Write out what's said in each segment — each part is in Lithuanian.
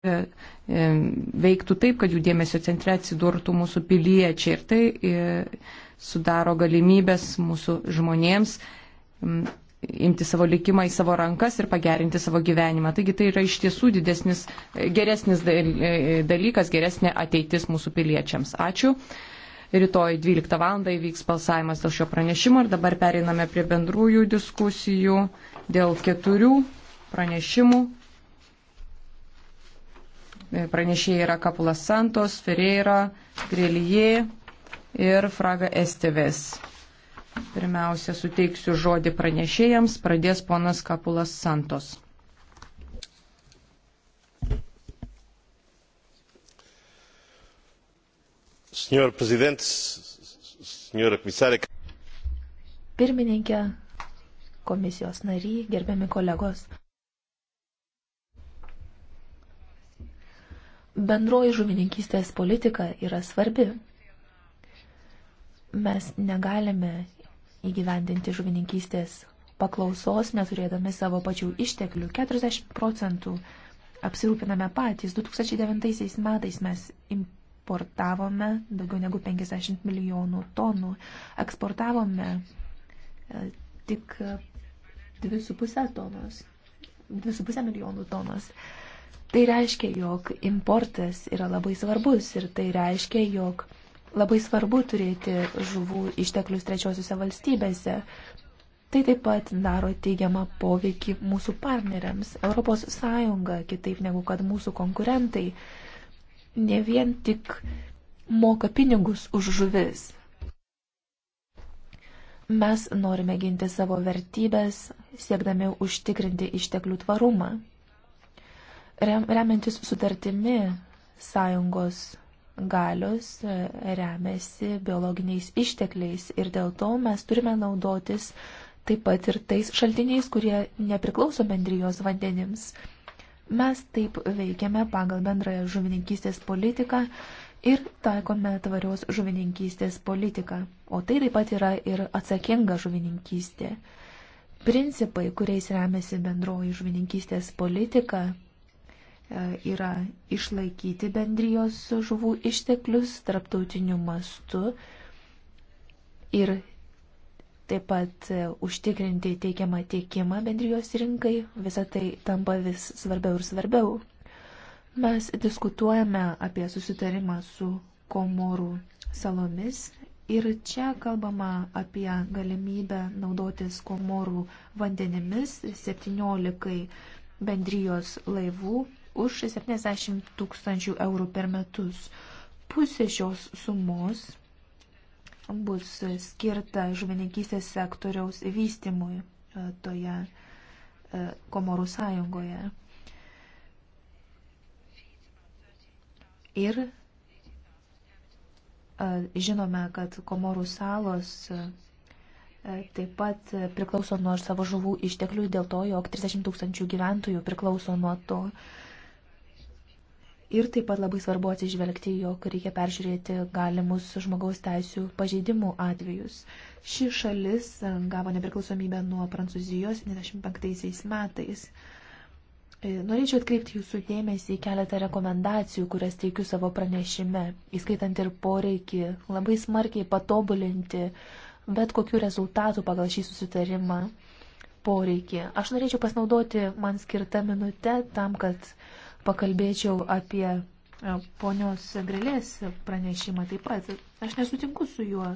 E, e, veiktų taip, kad jų dėmesio centre atsidurtų mūsų piliečiai ir tai e, sudaro galimybės mūsų žmonėms imti savo likimą į savo rankas ir pagerinti savo gyvenimą. Taigi tai yra iš tiesų didesnis, geresnis dalykas, geresnė ateitis mūsų piliečiams. Ačiū. Rytoj 12 val. įvyks balsavimas dėl šio pranešimo ir dabar pereiname prie bendrųjų diskusijų dėl keturių pranešimų Pranešėjai yra Kapulas Santos, Ferreira, Grelyje ir Fraga Esteves. Pirmiausia, suteiksiu žodį pranešėjams, pradės ponas Kapulas Santos. Senor prezident, senora komisarė. Pirmininkė, komisijos nariai, gerbiami kolegos. Bendroji žuvininkystės politika yra svarbi. Mes negalime įgyvendinti žuvininkystės paklausos, neturėdami savo pačių išteklių. 40 procentų apsirūpiname patys. 2009 metais mes importavome daugiau negu 50 milijonų tonų, eksportavome e, tik 2,5 tonos. 2,5 milijonų tonos. Tai reiškia, jog importas yra labai svarbus ir tai reiškia, jog labai svarbu turėti žuvų išteklius trečiosiuose valstybėse. Tai taip pat daro teigiamą poveikį mūsų partneriams, ES, kitaip negu kad mūsų konkurentai, ne vien tik moka pinigus už žuvis. Mes norime ginti savo vertybės, siekdami užtikrinti išteklių tvarumą remiantis sutartimi sąjungos galios e, remiasi biologiniais ištekliais ir dėl to mes turime naudotis taip pat ir tais šaltiniais, kurie nepriklauso bendrijos vandenims. Mes taip veikiame pagal bendrąją žuvininkystės politiką ir taikome tvarios žuvininkystės politiką, o tai taip pat yra ir atsakinga žuvininkystė. Principai, kuriais remiasi bendroji žuvininkystės politika, E, yra išlaikyti bendrijos žuvų išteklius tarptautiniu mastu ir taip pat e, užtikrinti teikiamą tiekimą bendrijos rinkai, visą tai tampa vis svarbiau ir svarbiau. Mes diskutuojame apie susitarimą su Komorų salomis ir čia kalbama apie galimybę naudotis Komorų vandenimis 17 bendrijos laivų už 70 tūkstančių eurų per metus. Pusė šios sumos bus skirta žuvininkystės sektoriaus vystimui e, toje e, Komorų sąjungoje. Ir e, žinome, kad Komorų salos taip pat priklauso nuo savo žuvų išteklių, dėl to, jog 30 tūkstančių gyventojų priklauso nuo to. Ir taip pat labai svarbu atsižvelgti, jog reikia peržiūrėti galimus žmogaus teisų pažeidimų atvejus. Ši šalis e, gavo nepriklausomybę nuo Prancūzijos 95 metais. E, norėčiau atkreipti jūsų dėmesį į keletą rekomendacijų, kurias teikiu savo pranešime, įskaitant ir poreikį labai smarkiai patobulinti bet kokių rezultatų pagal šį susitarimą poreikį. Aš norėčiau pasinaudoti man skirtą minutę tam, kad pakalbėčiau apie e, ponios Grelės pranešimą taip pat. Aš nesutinku su juo.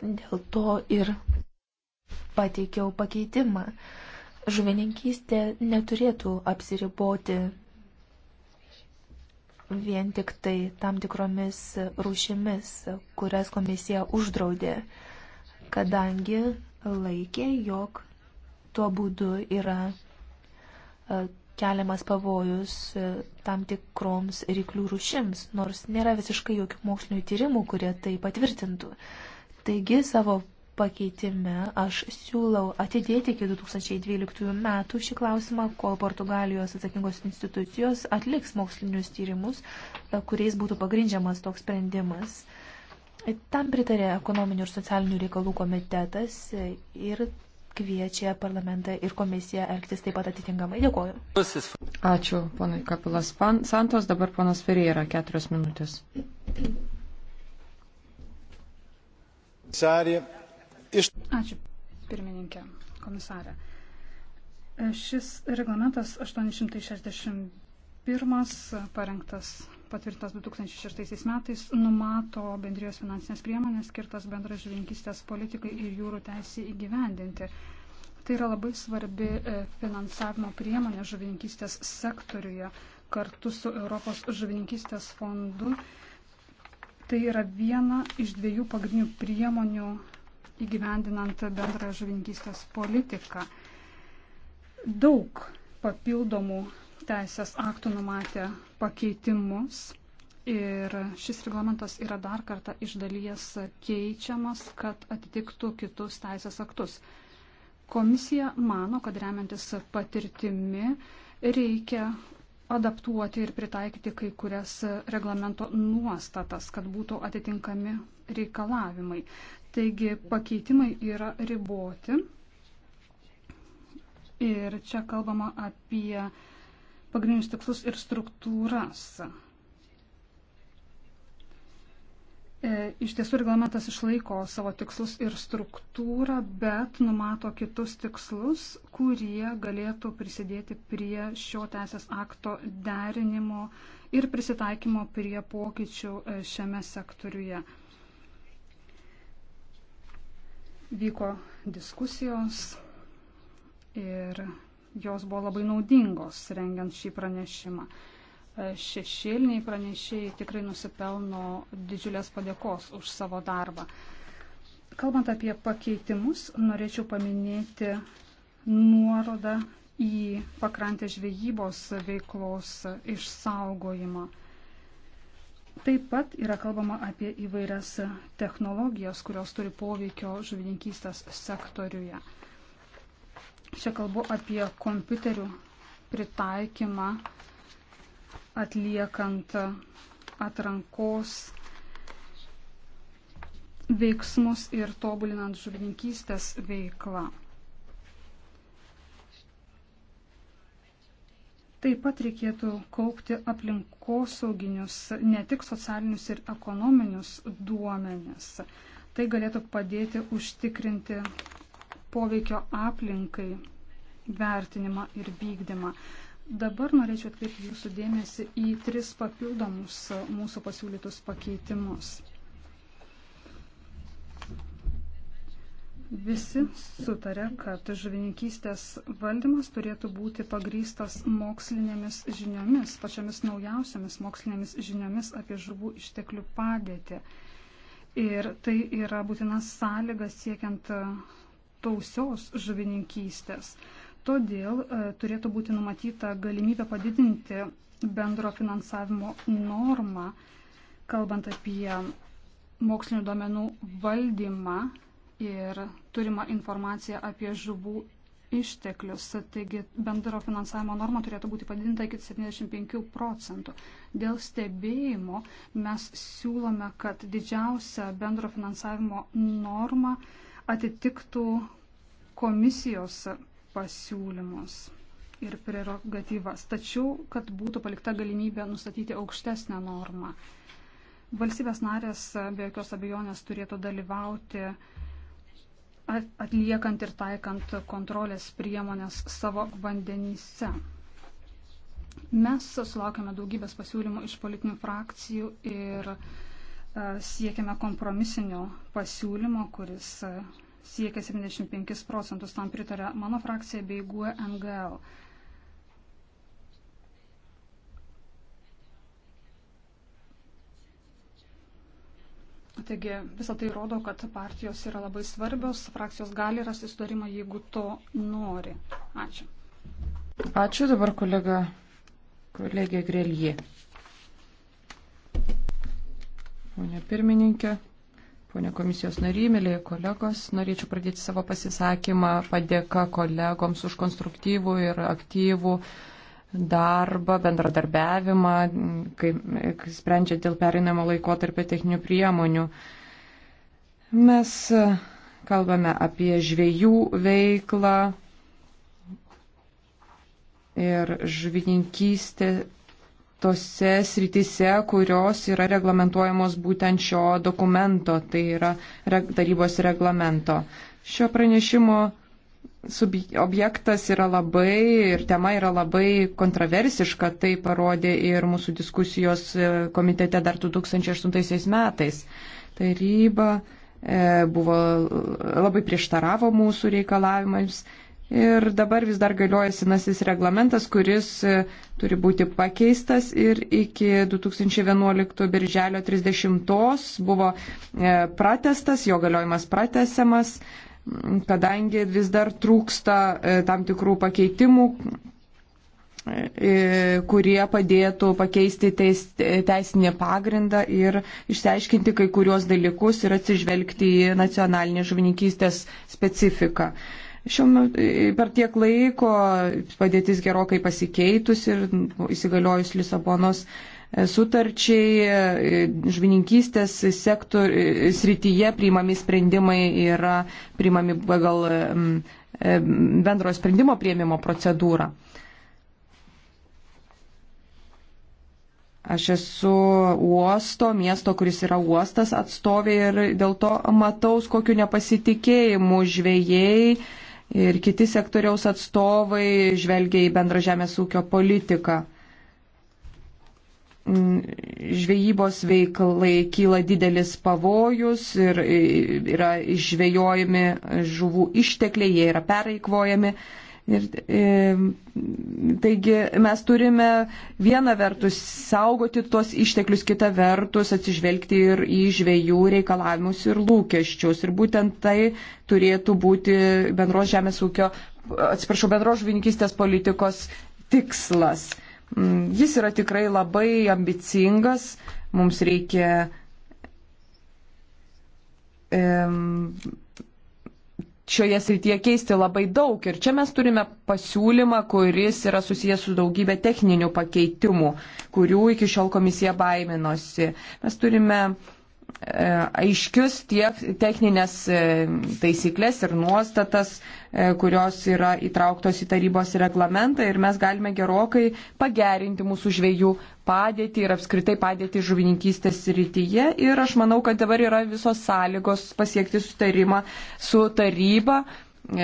Dėl to ir pateikiau pakeitimą. Žuvininkystė neturėtų apsiriboti vien tik tai tam tikromis rūšimis, kurias komisija uždraudė, kadangi laikė, jog tuo būdu yra e, keliamas pavojus e, tam tikroms ryklių rušims, nors nėra visiškai jokių mokslinių tyrimų, kurie tai patvirtintų. Taigi savo pakeitime aš siūlau atidėti iki 2012 metų šį klausimą, kol Portugalijos atsakingos institucijos atliks mokslinius tyrimus, e, kuriais būtų pagrindžiamas toks sprendimas. Tam pritarė ekonominių ir socialinių reikalų komitetas ir kviečia parlamentą ir komisiją elgtis taip pat atitinkamai. Dėkuoju. Ačiū, ponai Kapilas Pan, Santos. Dabar ponas Ferreira, keturios minutės. Ačiū, pirmininkė, komisarė. Šis reglamentas 860 parengtas patvirtintas 2006 metais, numato bendrijos finansinės priemonės skirtas bendra žvinkistės politikai ir jūrų teisį įgyvendinti. Tai yra labai svarbi e, finansavimo priemonė žuvininkystės sektoriuje kartu su Europos žuvininkystės fondu. Tai yra viena iš dviejų pagrindinių priemonių įgyvendinant bendrą žuvininkystės politiką. Daug papildomų teisės aktų numatė pakeitimus ir šis reglamentas yra dar kartą iš dalies keičiamas, kad atitiktų kitus teisės aktus. Komisija mano, kad remiantis patirtimi reikia adaptuoti ir pritaikyti kai kurias reglamento nuostatas, kad būtų atitinkami reikalavimai. Taigi pakeitimai yra riboti. Ir čia kalbama apie pagrindinius tikslus ir struktūras. E, iš tiesų reglamentas išlaiko savo tikslus ir struktūrą, bet numato kitus tikslus, kurie galėtų prisidėti prie šio teisės akto derinimo ir prisitaikymo prie pokyčių e, šiame sektoriuje. Vyko diskusijos ir jos buvo labai naudingos rengiant šį pranešimą. E, šešėliniai pranešėjai tikrai nusipelno didžiulės padėkos už savo darbą. Kalbant apie pakeitimus, norėčiau paminėti nuorodą į pakrantę žvejybos veiklos išsaugojimą. Taip pat yra kalbama apie įvairias technologijas, kurios turi poveikio žuvininkystės sektoriuje. Čia kalbu apie kompiuterių pritaikymą atliekant atrankos veiksmus ir tobulinant žuvininkystės veiklą. Taip pat reikėtų kaupti aplinkosauginius, ne tik socialinius ir ekonominius duomenis. Tai galėtų padėti užtikrinti poveikio aplinkai vertinimą ir vykdymą. Dabar norėčiau atkreipti jūsų dėmesį į tris papildomus mūsų pasiūlytus pakeitimus. Visi sutarė, kad žuvininkystės valdymas turėtų būti pagrystas mokslinėmis žiniomis, pačiamis naujausiamis mokslinėmis žiniomis apie žuvų išteklių padėtį. Ir tai yra būtina sąlyga siekiant tausios žuvininkystės. Todėl e, turėtų būti numatyta galimybė padidinti bendro finansavimo normą, kalbant apie mokslinių duomenų valdymą ir turimą informaciją apie žuvų išteklius. Taigi bendro finansavimo norma turėtų būti padidinta iki 75 procentų. Dėl stebėjimo mes siūlome, kad didžiausia bendro finansavimo norma atitiktų komisijos pasiūlymus ir prerogatyvas, tačiau, kad būtų palikta galimybė nustatyti aukštesnę normą. Valstybės narės be jokios abejonės turėtų dalyvauti atliekant ir taikant kontrolės priemonės savo vandenyse. Mes sulaukėme daugybės pasiūlymų iš politinių frakcijų ir e, siekiame kompromisinio pasiūlymo, kuris e, siekia 75 procentus, tam pritarė mano frakcija bei GUE NGL. Taigi visą tai rodo, kad partijos yra labai svarbios, frakcijos gali rasti sudarimą, jeigu to nori. Ačiū. Ačiū dabar kolega, kolegė Grelji. Pone pirmininkė. Pone komisijos nariai, mėlyje kolegos, norėčiau pradėti savo pasisakymą padėka kolegoms už konstruktyvų ir aktyvų darbą, bendradarbiavimą, kai, kai sprendžiant dėl perinamo laiko tarp techninių priemonių. Mes e, kalbame apie žviejų veiklą ir žvininkystę tose sritise, kurios yra reglamentuojamos būtent šio dokumento, tai yra tarybos reglamento. Šio pranešimo objektas yra labai ir tema yra labai kontroversiška, tai parodė ir mūsų diskusijos e, komitete dar 2008 metais. Taryba e, buvo labai prieštaravo mūsų reikalavimams Ir dabar vis dar galioja senasis reglamentas, kuris e, turi būti pakeistas ir iki 2011 birželio 30 buvo e, pratestas, jo galiojimas pratesiamas, kadangi vis dar trūksta e, tam tikrų pakeitimų kurie padėtų pakeisti teis, teisinį pagrindą ir išsiaiškinti kai kurios dalykus ir atsižvelgti į nacionalinį žuvininkystės specifiką. Uh, Šiuo metu per tiek laiko padėtis gerokai pasikeitus ir nu, įsigaliojus Lisabonos e, sutarčiai e, žvininkystės sektor, srityje priimami sprendimai yra priimami pagal e, bendro sprendimo prieimimo procedūrą. Aš esu uosto, miesto, kuris yra uostas atstovė ir dėl to mataus, kokiu nepasitikėjimu žvėjai ir kiti sektoriaus atstovai žvelgia į bendrą žemės ūkio politiką. Mm, žvejybos veiklai kyla didelis pavojus ir yra žvejojami žuvų ištekliai, jie yra pereikvojami. Ir, e, taigi mes turime vieną vertus saugoti tuos išteklius, kitą vertus atsižvelgti ir į žvėjų reikalavimus ir lūkesčius. Ir būtent tai turėtų būti bendros žemės ūkio, atsiprašau, bendros žuvininkystės politikos tikslas. Mm, jis yra tikrai labai ambicingas, mums reikia. E, šioje srityje keisti labai daug. Ir čia mes turime pasiūlymą, kuris yra susijęs su daugybė techninių pakeitimų, kurių iki šiol komisija baiminosi. Mes turime E, aiškius tiek techninės e, taisyklės ir nuostatas, e, kurios yra įtrauktos į tarybos reglamentą ir mes galime gerokai pagerinti mūsų žvėjų padėtį ir apskritai padėtį žuvininkystės rytyje. Ir aš manau, kad dabar yra visos sąlygos pasiekti sutarimą su taryba.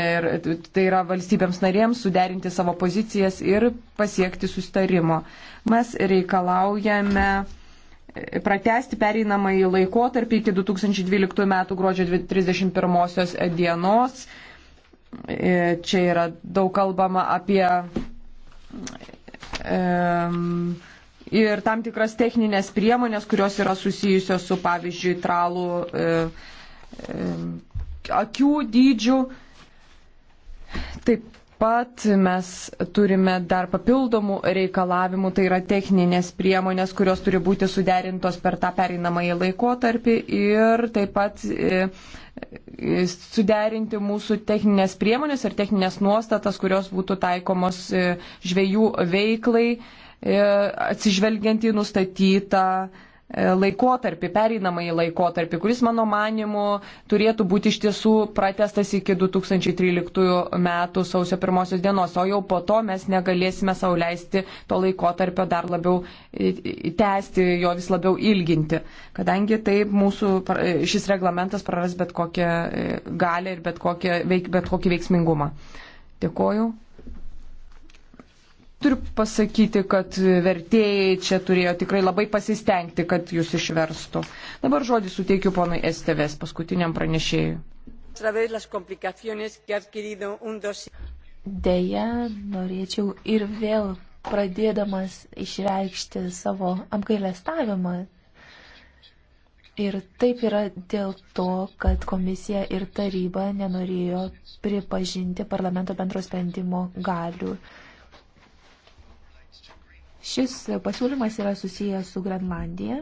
Ir tai yra valstybėms narėms suderinti savo pozicijas ir pasiekti sustarimo. Mes reikalaujame pratesti pereinamąjį laikotarpį iki 2012 m. gruodžio 31 dienos. E, čia yra daug kalbama apie ir tam tikras techninės priemonės, kurios yra susijusios su, pavyzdžiui, tralų e, e, akių dydžių. Taip, pat mes turime dar papildomų reikalavimų, tai yra techninės priemonės, kurios turi būti suderintos per tą pereinamąjį laikotarpį ir taip pat e, e, suderinti mūsų techninės priemonės ir techninės nuostatas, kurios būtų taikomos e, žvėjų veiklai, atsižvelgiant į nustatytą E, laikotarpį, pereinamąjį laikotarpį, kuris mano manimu turėtų būti iš tiesų pratestas iki 2013 metų sausio pirmosios dienos, o jau po to mes negalėsime sauliaisti to laikotarpio dar labiau tęsti, jo vis labiau ilginti, kadangi taip mūsų šis reglamentas praras bet kokią e, galę ir bet, kokią, bet kokį veiksmingumą. Dėkoju. Turiu pasakyti, kad vertėjai čia turėjo tikrai labai pasistengti, kad jūs išverstų. Dabar žodį suteikiu ponui Estevės, paskutiniam pranešėjui. Deja, norėčiau ir vėl pradėdamas išreikšti savo apgailestavimą. Ir taip yra dėl to, kad komisija ir taryba nenorėjo pripažinti parlamento bendro sprendimo galių Šis pasiūlymas yra susijęs su Grenlandija.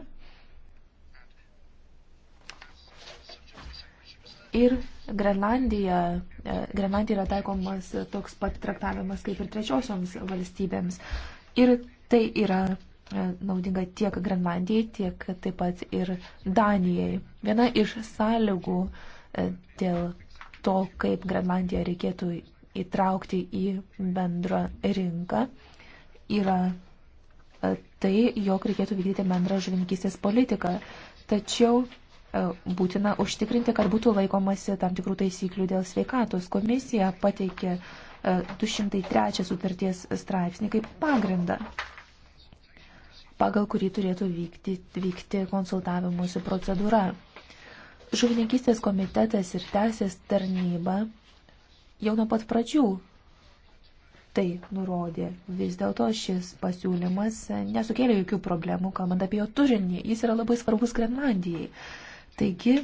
Ir Grenlandija, e, Grenlandija yra taikomas toks pat traktavimas kaip ir trečiosioms valstybėms. Ir tai yra e, naudinga tiek Grenlandijai, tiek taip pat ir Danijai. Viena iš sąlygų e, dėl to, kaip Grenlandiją reikėtų įtraukti į bendrą rinką, yra tai, jog reikėtų vykdyti bendrą žuvininkystės politiką. Tačiau e, būtina užtikrinti, kad būtų laikomasi tam tikrų taisyklių dėl sveikatos. Komisija pateikė 203 e, sutarties straipsnį kaip pagrindą pagal kurį turėtų vykti, vykti konsultavimuose procedūra. Žuvininkystės komitetas ir teisės tarnyba jau nuo pat pradžių tai nurodė. Vis dėlto šis pasiūlymas nesukėlė jokių problemų, kalbant apie jo turinį. Jis yra labai svarbus Grenlandijai. Taigi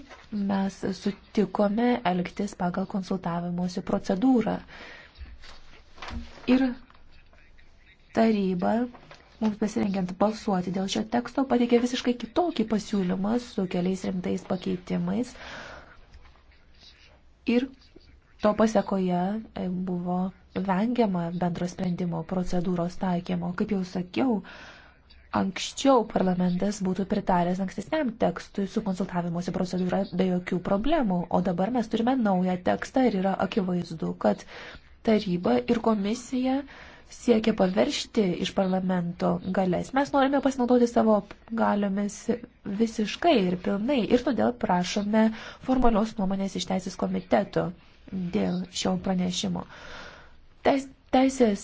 mes sutikome elgtis pagal konsultavimuose procedūrą. Ir taryba mums pasirengiant balsuoti dėl šio teksto pateikė visiškai kitokį pasiūlymą su keliais rimtais pakeitimais. Ir To pasiekoje e, buvo vengiama bendro sprendimo procedūros taikymo. Kaip jau sakiau, anksčiau parlamentas būtų pritaręs ankstesniam tekstui su konsultavimuose procedūra be jokių problemų, o dabar mes turime naują tekstą ir yra akivaizdu, kad taryba ir komisija siekia paveršti iš parlamento galės. Mes norime pasinaudoti savo galiomis visiškai ir pilnai ir todėl prašome formalios nuomonės iš teisės komiteto dėl šio pranešimo. Teis, Teisės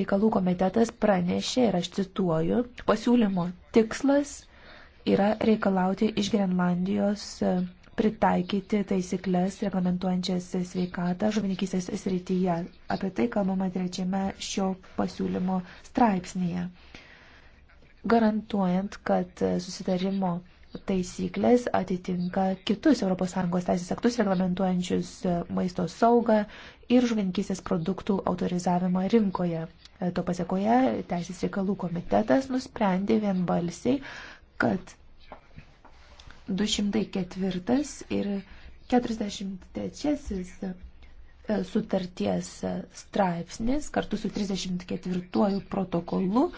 reikalų komitetas pranešė, ir aš cituoju, pasiūlymo tikslas yra reikalauti iš Grenlandijos pritaikyti taisyklės reglamentuojančias sveikatą žuvininkystės srityje. Apie tai kalbama trečiame šio pasiūlymo straipsnėje. Garantuojant, kad susitarimo taisyklės atitinka kitus ES teisės aktus reglamentuojančius maisto saugą ir žuvininkysės produktų autorizavimą rinkoje. To pasiekoje Teisės reikalų komitetas nusprendė vienbalsiai, kad 204 ir 43 e, sutarties straipsnis kartu su 34 protokolu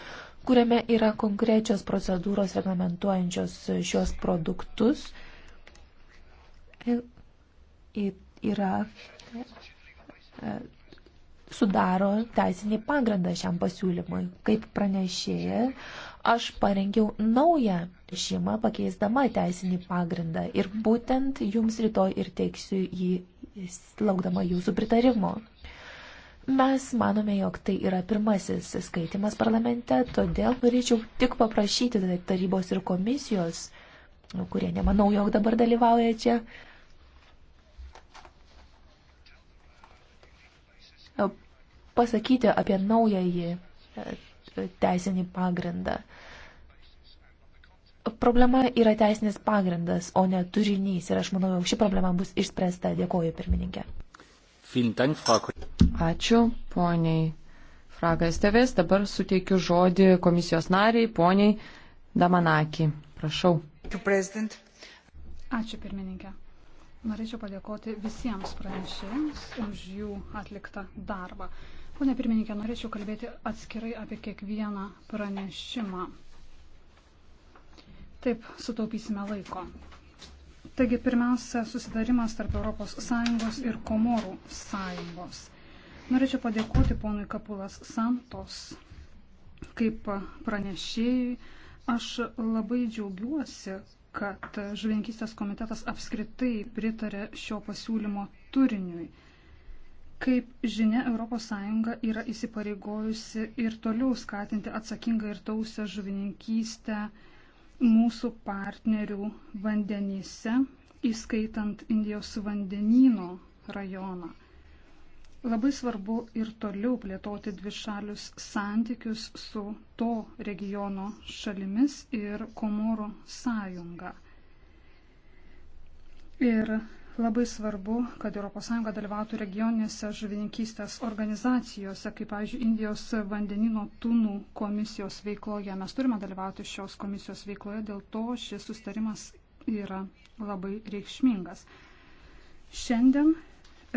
kuriame yra konkrečios procedūros reglamentuojančios šios produktus. E, yra e, sudaro teisinį pagrindą šiam pasiūlymui. Kaip pranešėja, aš parengiau naują žymą pakeisdama teisinį pagrindą ir būtent jums rytoj ir teiksiu jį laukdama jūsų pritarimo. Mes manome, jog tai yra pirmasis skaitimas parlamente, todėl norėčiau tik paprašyti tarybos ir komisijos, kurie nemanau, jog dabar dalyvauja čia, pasakyti apie naująjį e, teisinį pagrindą. Problema yra teisinis pagrindas, o ne turinys. Ir aš manau, jog ši problema bus išspręsta. Dėkoju, pirmininkė. Ačiū, poniai Fragas Tevės. Dabar suteikiu žodį komisijos nariai, poniai Damanaki. Prašau. Ačiū, pirmininkė. Norėčiau padėkoti visiems pranešėjams už jų atliktą darbą. Pone pirmininkė, norėčiau kalbėti atskirai apie kiekvieną pranešimą. Taip, sutaupysime laiko. Taigi pirmiausia, susidarimas tarp ES ir Komorų sąjungos. Norėčiau padėkoti ponui Kapulas Santos kaip pranešėjui. Aš labai džiaugiuosi, kad žuvinkystės komitetas apskritai pritarė šio pasiūlymo turiniui. Kaip žinia, ES yra įsipareigojusi ir toliau skatinti atsakingą ir tausią žuvininkystę mūsų partnerių vandenyse, įskaitant Indijos vandenyno rajoną. Labai svarbu ir toliau plėtoti dvišalius santykius su to regiono šalimis ir Komoro sąjunga. Ir Labai svarbu, kad ES dalyvautų regioninėse žuvininkystės organizacijose, kaip, pavyzdžiui, Indijos vandenino tunų komisijos veikloje. Mes turime dalyvauti šios komisijos veikloje, dėl to šis sustarimas yra labai reikšmingas. Šiandien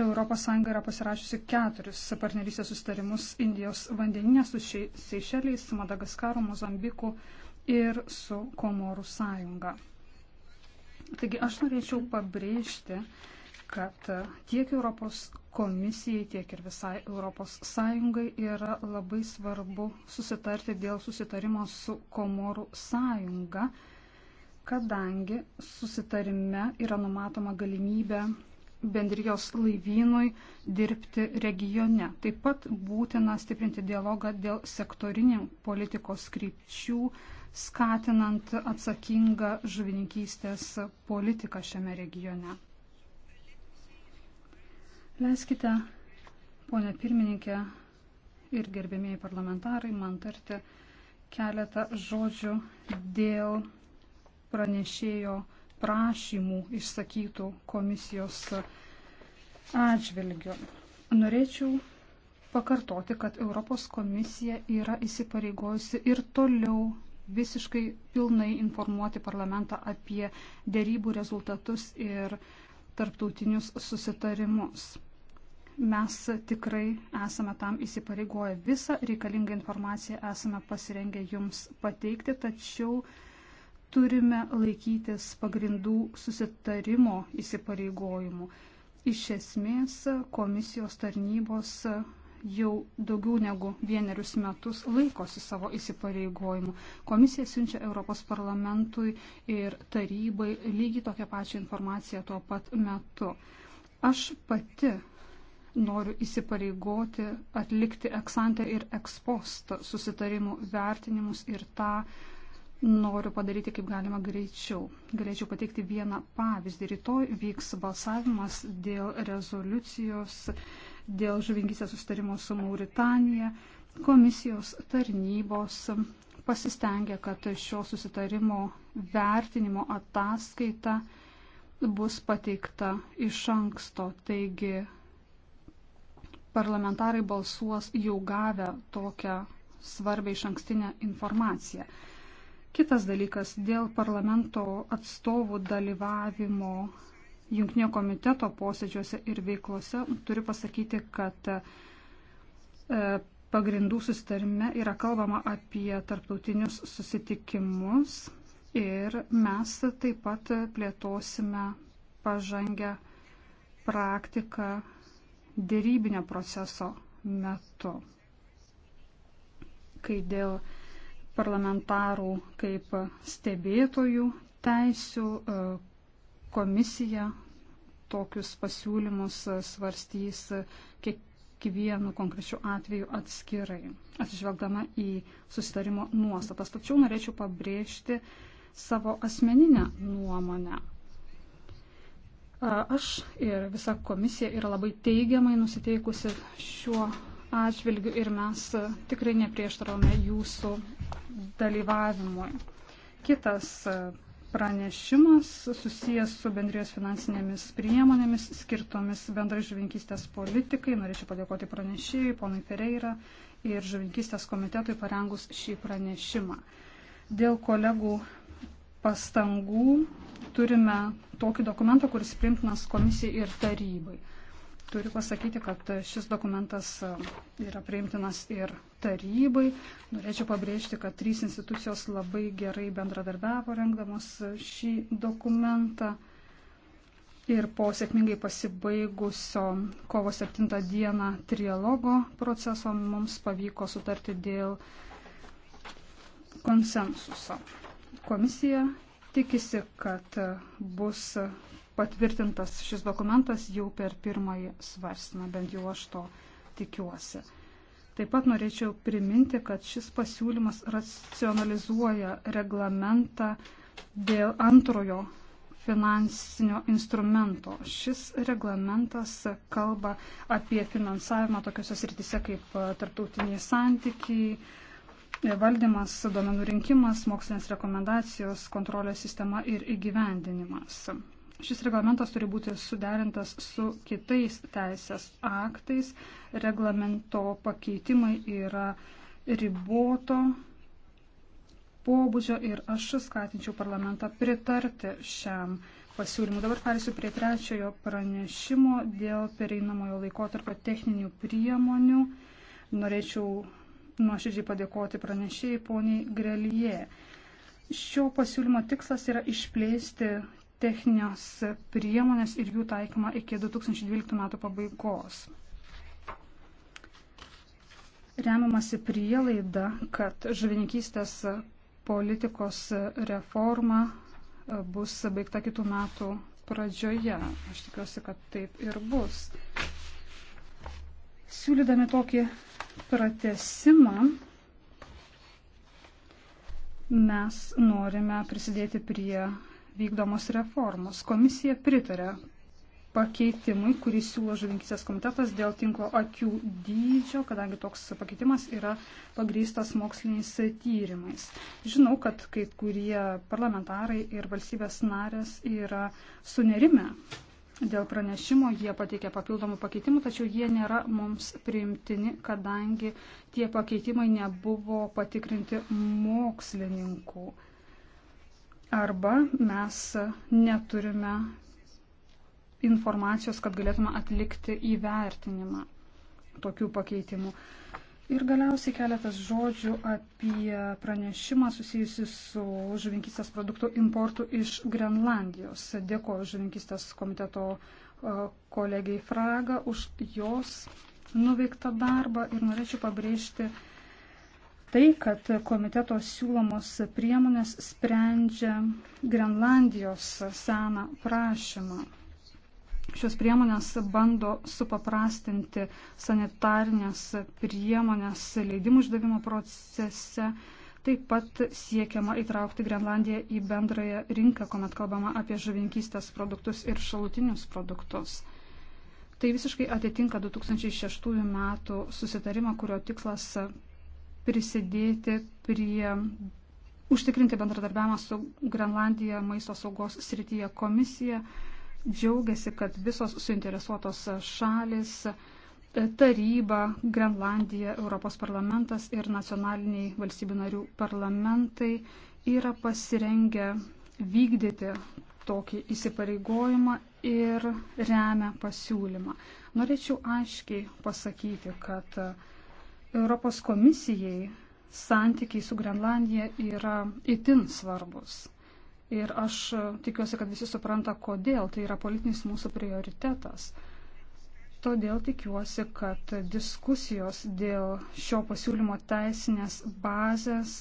ES yra pasirašiusi keturis partnerystės sustarimus Indijos vandeninė su Seišeliais, Madagaskaru, Mozambiku ir su Komorų sąjunga. Taigi aš norėčiau pabrėžti, kad tiek Europos komisijai, tiek ir visai Europos Sąjungai yra labai svarbu susitarti dėl susitarimo su Komorų Sąjunga, kadangi susitarime yra numatoma galimybė bendrijos laivynui dirbti regione. Taip pat būtina stiprinti dialogą dėl sektorinių politikos krypčių, skatinant atsakingą žuvininkystės politiką šiame regione. Leiskite, ponė pirmininkė ir gerbėmėjai parlamentarai, man tarti keletą žodžių dėl pranešėjo prašymų išsakytų komisijos atžvilgiu. Norėčiau pakartoti, kad Europos komisija yra įsipareigojusi ir toliau visiškai pilnai informuoti parlamentą apie dėrybų rezultatus ir tarptautinius susitarimus. Mes tikrai esame tam įsipareigoję. Visą reikalingą informaciją esame pasirengę jums pateikti, tačiau turime laikytis pagrindų susitarimo įsipareigojimų. Iš esmės komisijos tarnybos jau daugiau negu vienerius metus laikosi savo įsipareigojimų. Komisija siunčia Europos parlamentui ir tarybai lygiai tokią pačią informaciją tuo pat metu. Aš pati noriu įsipareigoti atlikti eksantę ir ekspostą susitarimų vertinimus ir tą noriu padaryti kaip galima greičiau. Galėčiau pateikti vieną pavyzdį. Rytoj vyks balsavimas dėl rezoliucijos, dėl žuvingysės sustarimo su Mauritanija. Komisijos tarnybos pasistengė, kad šio susitarimo vertinimo ataskaita bus pateikta iš anksto. Taigi parlamentarai balsuos jau gavę tokią svarbę iš ankstinę informaciją. Kitas dalykas dėl parlamento atstovų dalyvavimo jungtinio komiteto posėdžiuose ir veiklose turiu pasakyti, kad e, pagrindų susitarime yra kalbama apie tarptautinius susitikimus ir mes taip pat plėtosime pažangę praktiką dėrybinio proceso metu. Kai dėl parlamentarų kaip stebėtojų teisių. E, komisija tokius pasiūlymus svarstys kiekvienu konkrečiu atveju atskirai, atsižvelgdama į susitarimo nuostatas. Tačiau norėčiau pabrėžti savo asmeninę nuomonę. E, aš ir visa komisija yra labai teigiamai nusiteikusi šiuo atžvilgiu ir mes tikrai neprieštaravome jūsų dalyvavimui. Kitas e, pranešimas susijęs su bendrijos finansinėmis priemonėmis skirtomis bendrai žuvinkystės politikai. Norėčiau padėkoti pranešėjui, ponui Pereira ir žuvinkystės komitetui parengus šį pranešimą. Dėl kolegų pastangų turime tokį dokumentą, kuris primtinas komisijai ir tarybai. Turiu pasakyti, kad šis dokumentas e, yra priimtinas ir tarybai. Norėčiau pabrėžti, kad trys institucijos labai gerai bendradarbiavo rengdamos e, šį dokumentą. Ir po sėkmingai pasibaigusio kovo 7 dieną trialogo proceso mums pavyko sutarti dėl konsensuso. Komisija tikisi, kad bus patvirtintas šis dokumentas jau per pirmąjį svarstymą, bent jau aš to tikiuosi. Taip pat norėčiau priminti, kad šis pasiūlymas racionalizuoja reglamentą dėl antrojo finansinio instrumento. Šis reglamentas kalba apie finansavimą tokiuose srityse kaip tarptautiniai santykiai, valdymas, duomenų rinkimas, mokslinės rekomendacijos, kontrolės sistema ir įgyvendinimas. Šis reglamentas turi būti suderintas su kitais teisės aktais. Reglamento pakeitimai yra riboto pobūdžio ir aš skatinčiau parlamentą pritarti šiam pasiūlymui. Dabar perėsiu prie trečiojo pranešimo dėl pereinamojo laikotarpio techninių priemonių. Norėčiau nuoširdžiai padėkoti pranešėjai poniai Grelyje. Šio pasiūlymo tikslas yra išplėsti techninės priemonės ir jų taikymą iki 2012 metų pabaigos. Remiamasi prielaida, kad žuvininkystės politikos reforma e, bus baigta kitų metų pradžioje. Aš tikiuosi, kad taip ir bus. Siūlydami tokį pratesimą mes norime prisidėti prie vykdomos reformos. Komisija pritarė pakeitimui, kurį siūlo žuvinkysės komitetas dėl tinklo akių dydžio, kadangi toks pakeitimas yra pagrystas moksliniais tyrimais. Žinau, kad kai kurie parlamentarai ir valstybės narės yra sunerime dėl pranešimo, jie pateikė papildomų pakeitimų, tačiau jie nėra mums priimtini, kadangi tie pakeitimai nebuvo patikrinti mokslininkų arba mes neturime informacijos, kad galėtume atlikti įvertinimą tokių pakeitimų. Ir galiausiai keletas žodžių apie pranešimą susijusi su žuvinkistės produktų importu iš Grenlandijos. Dėkoju žuvinkistės komiteto e, kolegiai Fraga už jos nuveiktą darbą ir norėčiau pabrėžti, tai, kad komiteto siūlomos priemonės sprendžia Grenlandijos seną prašymą. Šios priemonės bando supaprastinti sanitarnės priemonės leidimų išdavimo procese. Taip pat siekiama įtraukti Grenlandiją į bendrąją rinką, kuomet kalbama apie žuvinkystės produktus ir šalutinius produktus. Tai visiškai atitinka 2006 metų susitarimą, kurio tikslas prisidėti prie užtikrinti bendradarbiavimą su Grenlandija maisto saugos srityje. Komisija džiaugiasi, kad visos suinteresuotos šalis, taryba, Grenlandija, Europos parlamentas ir nacionaliniai valstybių narių parlamentai yra pasirengę vykdyti tokį įsipareigojimą ir remia pasiūlymą. Norėčiau aiškiai pasakyti, kad uh, Europos komisijai santykiai su Grenlandija yra itin svarbus. Ir aš tikiuosi, kad visi supranta, kodėl tai yra politinis mūsų prioritetas. Todėl tikiuosi, kad diskusijos dėl šio pasiūlymo teisinės bazės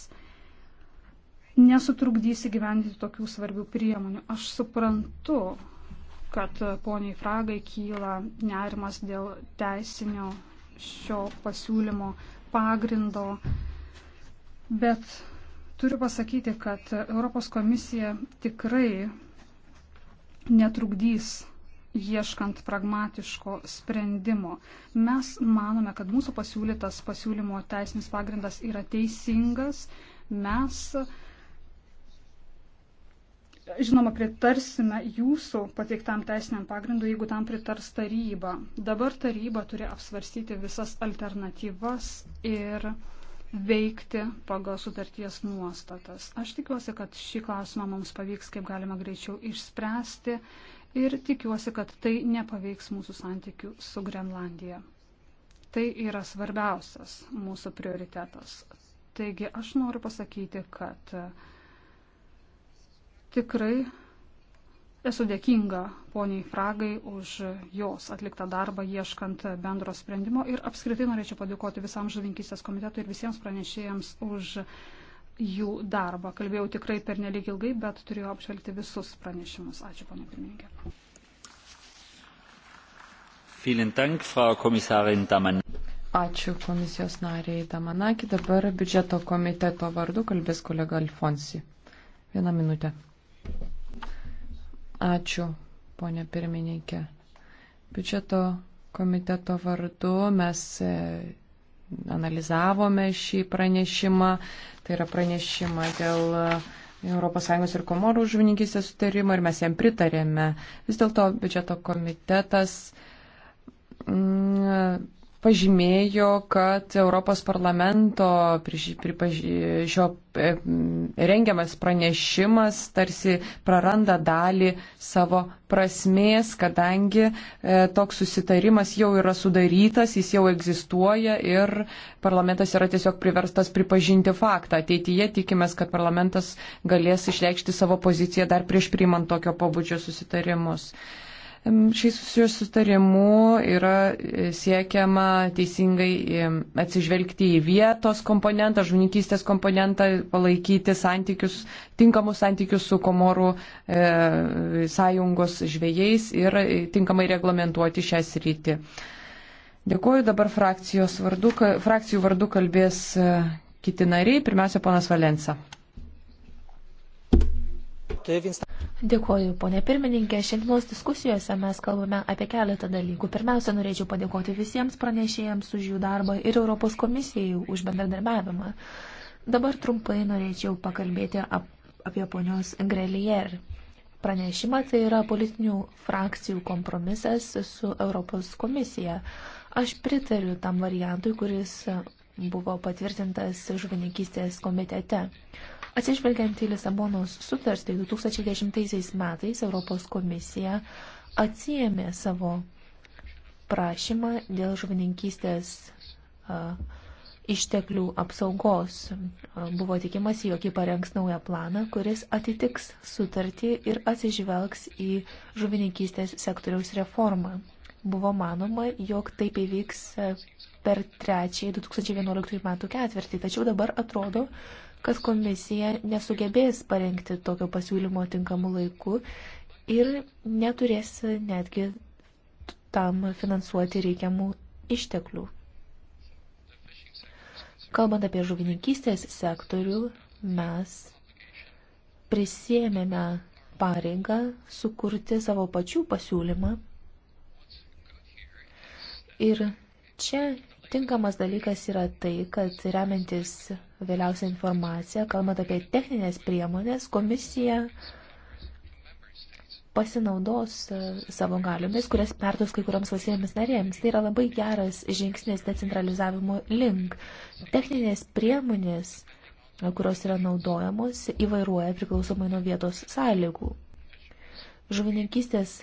nesutrukdys įgyvendinti tokių svarbių priemonių. Aš suprantu, kad poniai Fragai kyla nerimas dėl teisinio šio pasiūlymo pagrindo, bet turiu pasakyti, kad Europos komisija tikrai netrukdys ieškant pragmatiško sprendimo. Mes manome, kad mūsų pasiūlytas pasiūlymo teisinis pagrindas yra teisingas. Mes uh, Žinoma, pritarsime jūsų pateiktam teisiniam pagrindu, jeigu tam pritars taryba. Dabar taryba turi apsvarstyti visas alternatyvas ir veikti pagal sutarties nuostatas. Aš tikiuosi, kad šį klausimą mums pavyks kaip galima greičiau išspręsti ir tikiuosi, kad tai nepaveiks mūsų santykių su Grenlandija. Tai yra svarbiausias mūsų prioritetas. Taigi aš noriu pasakyti, kad uh, Tikrai esu dėkinga poniai Fragai už jos atliktą darbą ieškant bendro sprendimo ir apskritai norėčiau padėkoti visam žuvinkystės komitetui ir visiems pranešėjams už jų darbą. Kalbėjau tikrai per nelik ilgai, bet turėjau apžvelgti visus pranešimus. Ačiū, ponė pirmininkė. Dank, Frau Ačiū komisijos nariai Damanaki. Dabar biudžeto komiteto vardu kalbės kolega Alfonsi. Vieną minutę. Ačiū, ponė pirmininkė. Biudžeto komiteto vardu mes e, analizavome šį pranešimą. Tai yra pranešimą dėl ES ir Komorų žuvininkystės sutarimo ir mes jam pritarėme. Vis dėlto biudžeto komitetas. Mm, pažymėjo, kad Europos parlamento šio e, rengiamas pranešimas tarsi praranda dalį savo prasmės, kadangi e, toks susitarimas jau yra sudarytas, jis jau egzistuoja ir parlamentas yra tiesiog priverstas pripažinti faktą. Ateityje tikimės, kad parlamentas galės išreikšti savo poziciją dar prieš priimant tokio pobūdžio susitarimus. Uh, Šiais susijus sustarimu yra e, siekiama teisingai atsižvelgti į vietos komponentą, žuvininkystės komponentą, palaikyti santykius, tinkamus santykius su komorų e, sąjungos žvėjais ir e, tinkamai reglamentuoti šią sritį. Dėkuoju dabar frakcijos vardu, frakcijų vardu kalbės e, kiti nariai, pirmiausia, ponas Valensa. Tai Dėkuoju, ponė pirmininkė. Šiandienos diskusijose mes kalbame apie keletą dalykų. Pirmiausia, norėčiau padėkoti visiems pranešėjams už jų darbą ir Europos komisijai už bendradarbiavimą. Dabar trumpai norėčiau pakalbėti ap apie ponios Grelier pranešimą. Tai yra politinių frakcijų kompromisas su Europos komisija. Aš pritariu tam variantui, kuris buvo patvirtintas žuvininkystės komitete. Atsižvelgiant į Lisabonos sutartį, 2010 metais Europos komisija atsijėmė savo prašymą dėl žuvininkystės išteklių apsaugos. Buvo tikimasi, jog jį parengs naują planą, kuris atitiks sutartį ir atsižvelgs į žuvininkystės sektoriaus reformą. Buvo manoma, jog taip įvyks e, per trečiąjį 2011 metų ketvirtį, tačiau dabar atrodo, kad komisija nesugebės parengti tokio pasiūlymo tinkamu laiku ir neturės netgi tam finansuoti reikiamų išteklių. Kalbant apie žuvininkystės sektorių, mes prisėmėme pareigą sukurti savo pačių pasiūlymą. Ir čia Tinkamas dalykas yra tai, kad remiantis vėliausią informaciją, kalbant apie techninės priemonės, komisija pasinaudos e, savo galiomis, kurias perduos kai kuriams valstybėms narėms. Tai yra labai geras žingsnis decentralizavimo link. Techninės priemonės, kurios yra naudojamos, įvairuoja priklausomai nuo vietos sąlygų. Žuvininkystės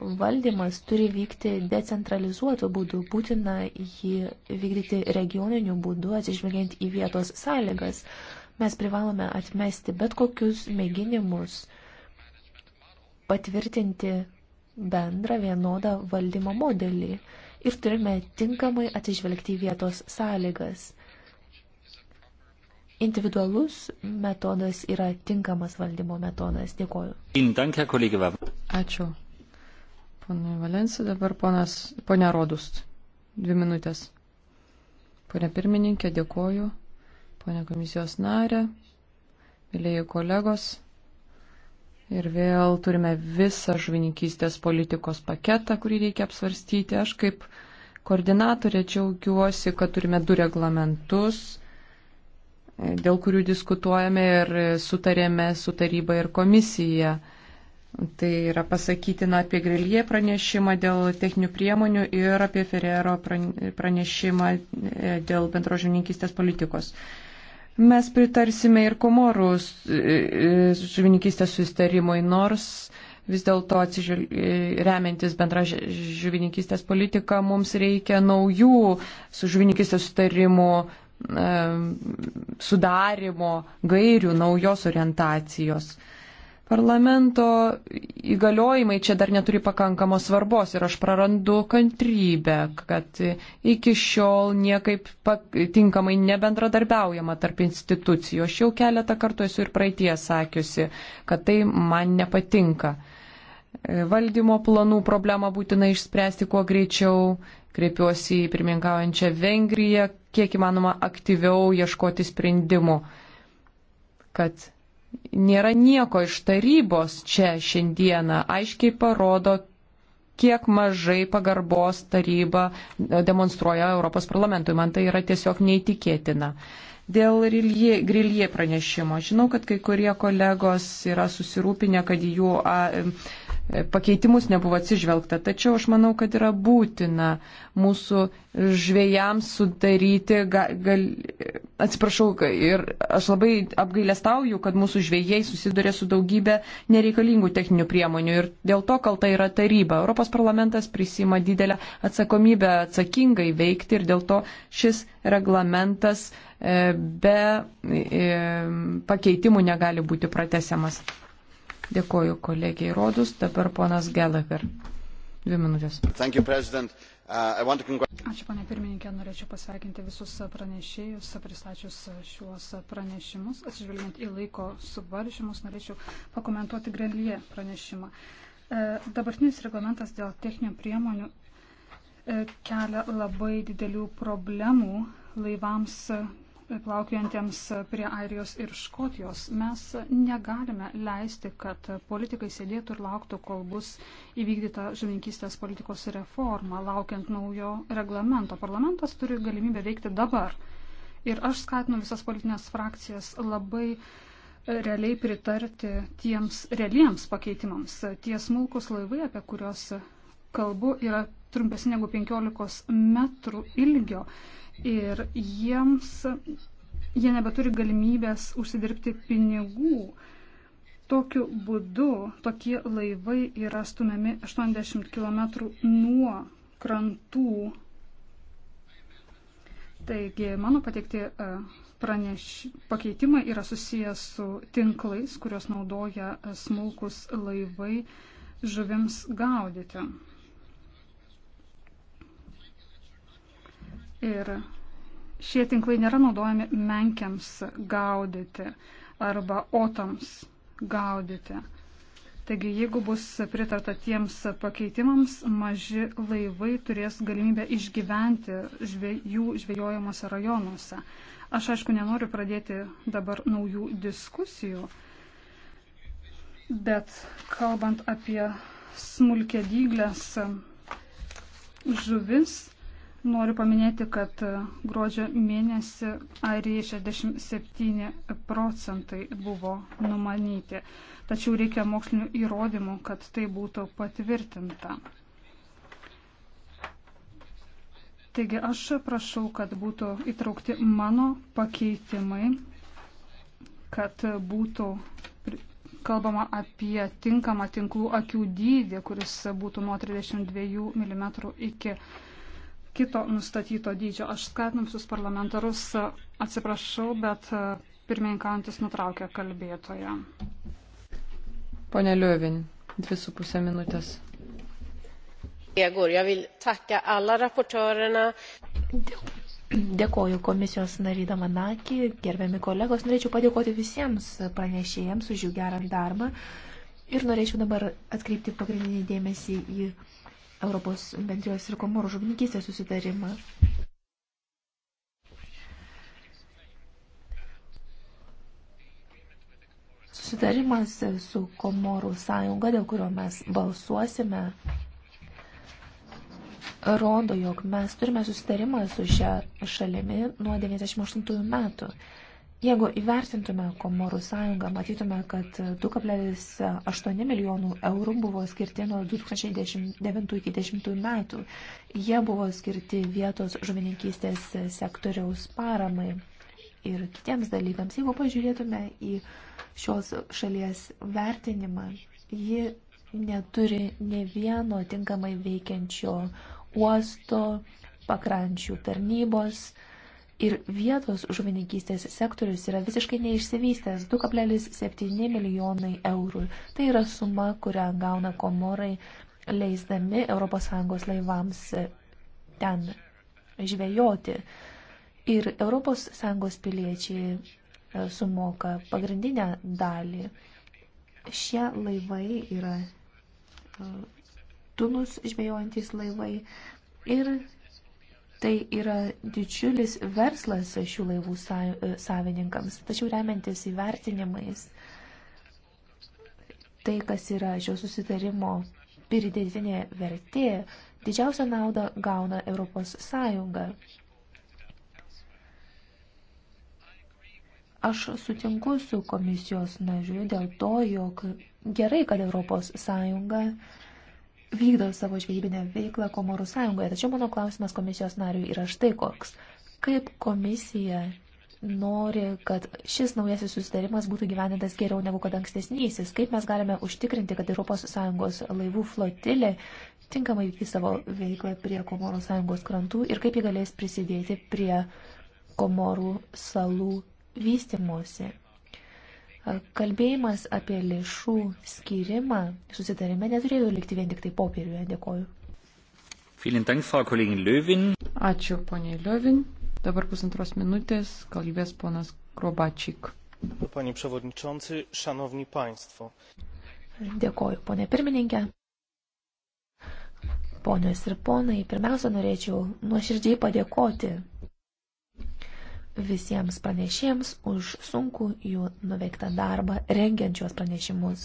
valdymas turi vykti decentralizuotų būdų, būtina jį vykdyti regioniniu būdu, atsižvelgiant į vietos sąlygas. Mes privalome atmesti bet kokius mėginimus patvirtinti bendrą vienodą valdymo modelį ir turime tinkamai atsižvelgti į vietos sąlygas. Individualus metodas yra tinkamas valdymo metodas. Dėkoju. Ačiū, Pana Valensi, dabar ponas, ponia Rodus, dvi minutės. Pone pirmininkė, dėkoju. Pone komisijos narė, mėlyjeji kolegos. Ir vėl turime visą žuvininkystės politikos paketą, kurį reikia apsvarstyti. Aš kaip koordinatorė džiaugiuosi, kad turime du reglamentus, dėl kurių diskutuojame ir sutarėme su taryba ir komisija. Tai yra pasakytina apie Grelie pranešimą dėl techninių priemonių ir apie Ferrero pranešimą e, dėl bendro žuvininkistės politikos. Mes pritarsime ir Komorų e, e, žuvininkistės sustarimui, nors vis dėlto remiantis bendra žuvininkistės politika mums reikia naujų su žuvininkistės sustarimų sudarimo gairių, naujos orientacijos. Parlamento įgaliojimai čia dar neturi pakankamos svarbos ir aš prarandu kantrybę, kad iki šiol niekaip tinkamai nebendradarbiaujama tarp institucijų. Aš jau keletą kartų esu ir praeitie sakiusi, kad tai man nepatinka. Valdymo planų problemą būtina išspręsti kuo greičiau. Kreipiuosi į pirmininkaujančią Vengriją, kiek įmanoma aktyviau ieškoti sprendimų, kad nėra nieko iš tarybos čia šiandieną, aiškiai parodo, kiek mažai pagarbos taryba demonstruoja Europos parlamentui. Man tai yra tiesiog neįtikėtina. Dėl grilie pranešimo. Žinau, kad kai kurie kolegos yra susirūpinę, kad jų a, pakeitimus nebuvo atsižvelgta. Tačiau aš manau, kad yra būtina mūsų žvėjams sudaryti, gal, gal, atsiprašau, ir aš labai apgailestauju, kad mūsų žvėjai susiduria su daugybė nereikalingų techninių priemonių ir dėl to kalta yra taryba. Europos parlamentas prisima didelę atsakomybę atsakingai veikti ir dėl to šis reglamentas e, be e, pakeitimų negali būti pratesiamas. Dėkoju kolegijai Rodus, dabar ponas Gallagher. Dvi minutės. You, uh, Ačiū, ponė pirmininkė, norėčiau pasveikinti visus pranešėjus, pristačius šiuos pranešimus. Atsižvelgiant į laiko suvaržymus, norėčiau pakomentuoti Grelie pranešimą. E, dabartinis reglamentas dėl techninių priemonių e, kelia labai didelių problemų laivams plaukiantiems prie Airijos ir Škotijos. Mes negalime leisti, kad politikai sėdėtų ir lauktų, kol bus įvykdyta žuvininkystės politikos reforma, laukiant naujo reglamento. Parlamentas turi galimybę veikti dabar. Ir aš skatinu visas politinės frakcijas labai realiai pritarti tiems realiems pakeitimams. Tie smulkus laivai, apie kuriuos kalbu, yra trumpesni negu 15 metrų ilgio ir jiems jie nebeturi galimybės užsidirbti pinigų. Tokiu būdu tokie laivai yra stumiami 80 km nuo krantų. Taigi mano pateikti e, praneš... pakeitimai yra susijęs su tinklais, kurios naudoja smulkus laivai žuvims gaudyti. Ir šie tinklai nėra naudojami menkiams gaudyti arba otams gaudyti. Taigi, jeigu bus pritarta tiems pakeitimams, maži laivai turės galimybę išgyventi žvėjų žvėjojimuose rajonuose. Aš aišku nenoriu pradėti dabar naujų diskusijų, bet kalbant apie smulkėdyglės žuvis, Noriu paminėti, kad gruodžio mėnesį Airijai 67 procentai buvo numanyti, tačiau reikia mokslinių įrodymų, kad tai būtų patvirtinta. Taigi aš prašau, kad būtų įtraukti mano pakeitimai, kad būtų kalbama apie tinkamą tinklų akių dydį, kuris būtų nuo 32 mm iki 1,5 mm kito nustatyto dydžio. Aš skatinamsius parlamentarus atsiprašau, bet e, pirmininkantis nutraukė kalbėtoją. Pone Liuvin, dvi su pusė minutės. Dėkoju komisijos narydama Naki, gerbiami kolegos, norėčiau padėkoti visiems pranešėjams už jų gerą darbą ir norėčiau dabar atkreipti pagrindinį dėmesį į Europos bendrijos ir komorų žuvininkystės susitarimą. Susitarimas su Komorų sąjunga, dėl kurio mes balsuosime, rodo, jog mes turime susitarimą su šia šalimi nuo 98 metų. Jeigu įvertintume Komorų sąjungą, matytume, kad 2,8 milijonų eurų buvo skirti nuo 2009 iki 2010 metų. Jie buvo skirti vietos žuvininkystės sektoriaus paramai ir kitiems dalykams. Jeigu pažiūrėtume į šios šalies vertinimą, ji neturi ne vieno tinkamai veikiančio uosto, pakrančių tarnybos Ir vietos žuvininkystės sektorius yra visiškai neišsivystęs - 2,7 milijonai eurų. Tai yra suma, kurią gauna komorai, leisdami ES laivams e, ten žvejoti. Ir ES piliečiai e, sumoka pagrindinę dalį. Šie laivai yra e, tunus žvejojantis laivai ir Tai yra didžiulis verslas šių laivų e, savininkams. Tačiau remiantis įvertinimais, tai, kas yra šio susitarimo pridėtinė vertė, didžiausią naudą gauna Europos Sąjunga. Aš sutinku su komisijos nariu dėl to, jog gerai, kad Europos Sąjunga uh, vykdo savo žvejybinę veiklą Komorų sąjungoje. Tačiau mano klausimas komisijos nariui yra štai koks. Kaip komisija nori, kad šis naujasis susitarimas būtų gyvenintas geriau negu kad ankstesnysis. Kaip mes galime užtikrinti, kad ES laivų flotilė tinkamai vykdys savo veiklą prie Komorų sąjungos krantų ir kaip ji galės prisidėti prie Komorų salų vystimosi. Kalbėjimas apie lėšų skirimą susitarime neturėjo likti vien tik tai popieriuje. Dėkoju. Ačiū, ponė Liovin. Dabar pusantros minutės kalbės ponas Krobačik. Panie Przewodniczący, Szanowni Państwo. Dėkoju, ponė pirmininkė. Ponios ir ponai, pirmiausia, norėčiau nuoširdžiai padėkoti visiems pranešėjams už sunku jų nuveiktą darbą rengiant šios pranešimus.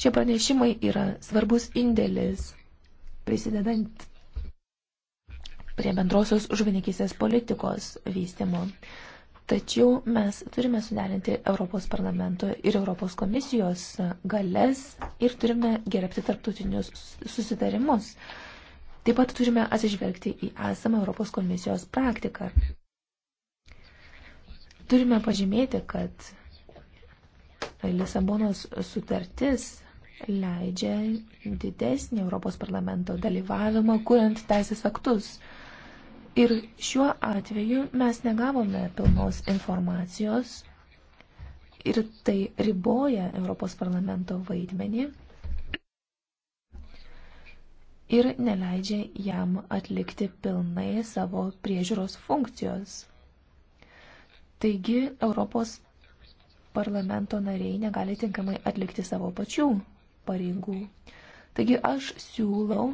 Šie pranešimai yra svarbus indėlis prisidedant prie bendrosios žuvininkysės politikos vystimo. Tačiau mes turime suderinti Europos parlamento ir Europos komisijos galės ir turime gerbti tarptautinius susitarimus. Taip pat turime atsižvelgti į esamą Europos komisijos praktiką. Turime pažymėti, kad Lisabonos sutartis leidžia didesnį Europos parlamento dalyvavimą, kuriant teisės aktus. Ir šiuo atveju mes negavome pilnos informacijos ir tai riboja Europos parlamento vaidmenį ir neleidžia jam atlikti pilnai savo priežiūros funkcijos. Taigi Europos parlamento nariai negali tinkamai atlikti savo pačių pareigų. Taigi aš siūlau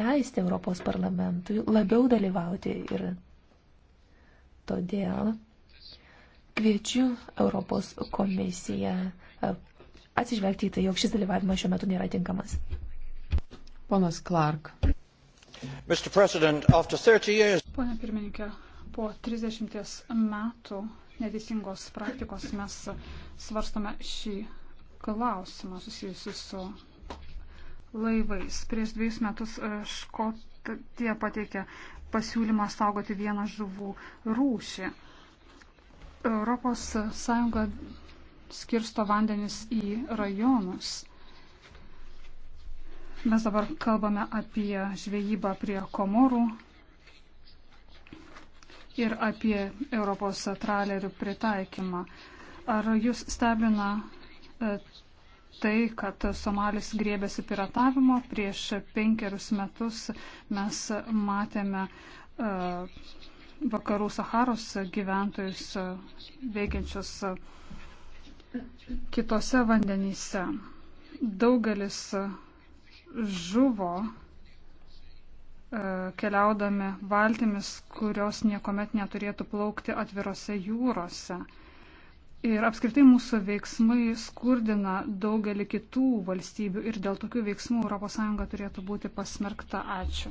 leisti Europos parlamentui labiau dalyvauti ir todėl kviečiu Europos komisiją e, atsižvelgti į tai, jog šis dalyvavimas šiuo metu nėra tinkamas. Ponas Clark. Pone pirmininkė, Po 30 metų neteisingos praktikos mes svarstome šį klausimą susijusiu su laivais. Prieš dviejus metus e, Škotija pateikė pasiūlymą saugoti vieną žuvų rūšį. Europos Sąjunga skirsto vandenis į rajonus. Mes dabar kalbame apie žvejybą prie Komorų ir apie Europos tralerių pritaikymą. Ar jūs stebina e, tai, kad Somalis grėbėsi piratavimo? Prieš penkerius metus mes matėme e, vakarų Saharos gyventojus e, veikiančius kitose vandenyse. Daugelis žuvo E, keliaudami valtimis, kurios niekuomet neturėtų plaukti atvirose jūrose. Ir apskritai mūsų veiksmai skurdina daugelį kitų valstybių ir dėl tokių veiksmų ES turėtų būti pasmerkta. Ačiū.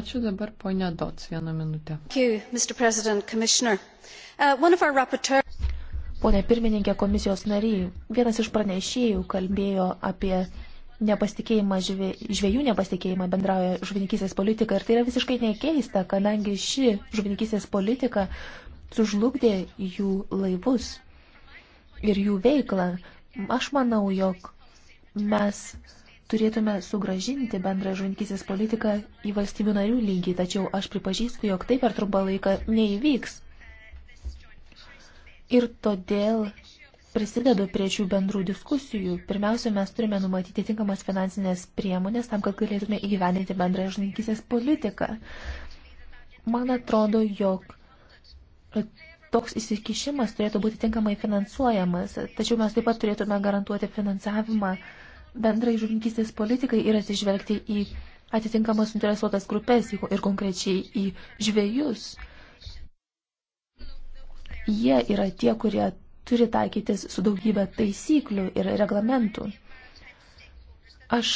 Ačiū dabar ponia Dots vieną minutę. Uh, Pone pirmininkė, komisijos nariai, vienas iš pranešėjų kalbėjo apie nepasitikėjimą žvė, žvėjų nepasitikėjimą bendrauja žuvininkysės politika. Ir tai yra visiškai nekeista, kadangi ši žuvininkysės politika sužlugdė jų laivus ir jų veiklą. Aš manau, jog mes turėtume sugražinti bendrą žuvininkysės politiką į valstybių narių lygį, tačiau aš pripažįstu, jog tai per trumpą laiką neįvyks. Ir todėl prisidedu prie šių bendrų diskusijų. Pirmiausia, mes turime numatyti tinkamas finansinės priemonės tam, kad galėtume įgyvendinti bendrą žininkysės politiką. Man atrodo, jog toks įsikišimas turėtų būti tinkamai finansuojamas, tačiau mes taip pat turėtume garantuoti finansavimą bendrai žuvininkystės politikai ir atsižvelgti į atitinkamas interesuotas grupės ir konkrečiai į žvėjus. Jie yra tie, kurie turi taikytis su daugybė taisyklių ir reglamentų. Aš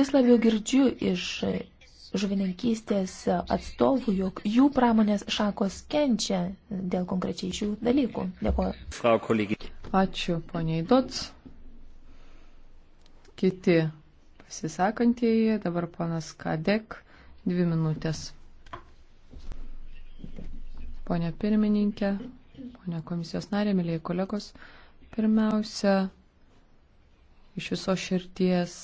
vis labiau girdžiu iš žuvininkystės atstovų, jog jų pramonės šakos kenčia dėl konkrečiai šių dalykų. Dėkuoju. Ačiū, poniai Dots. Kiti pasisakantieji, dabar ponas Kadek, dvi minutės. Pone pirmininkė, Pone komisijos narė, mėlyje kolegos, pirmiausia, iš viso širties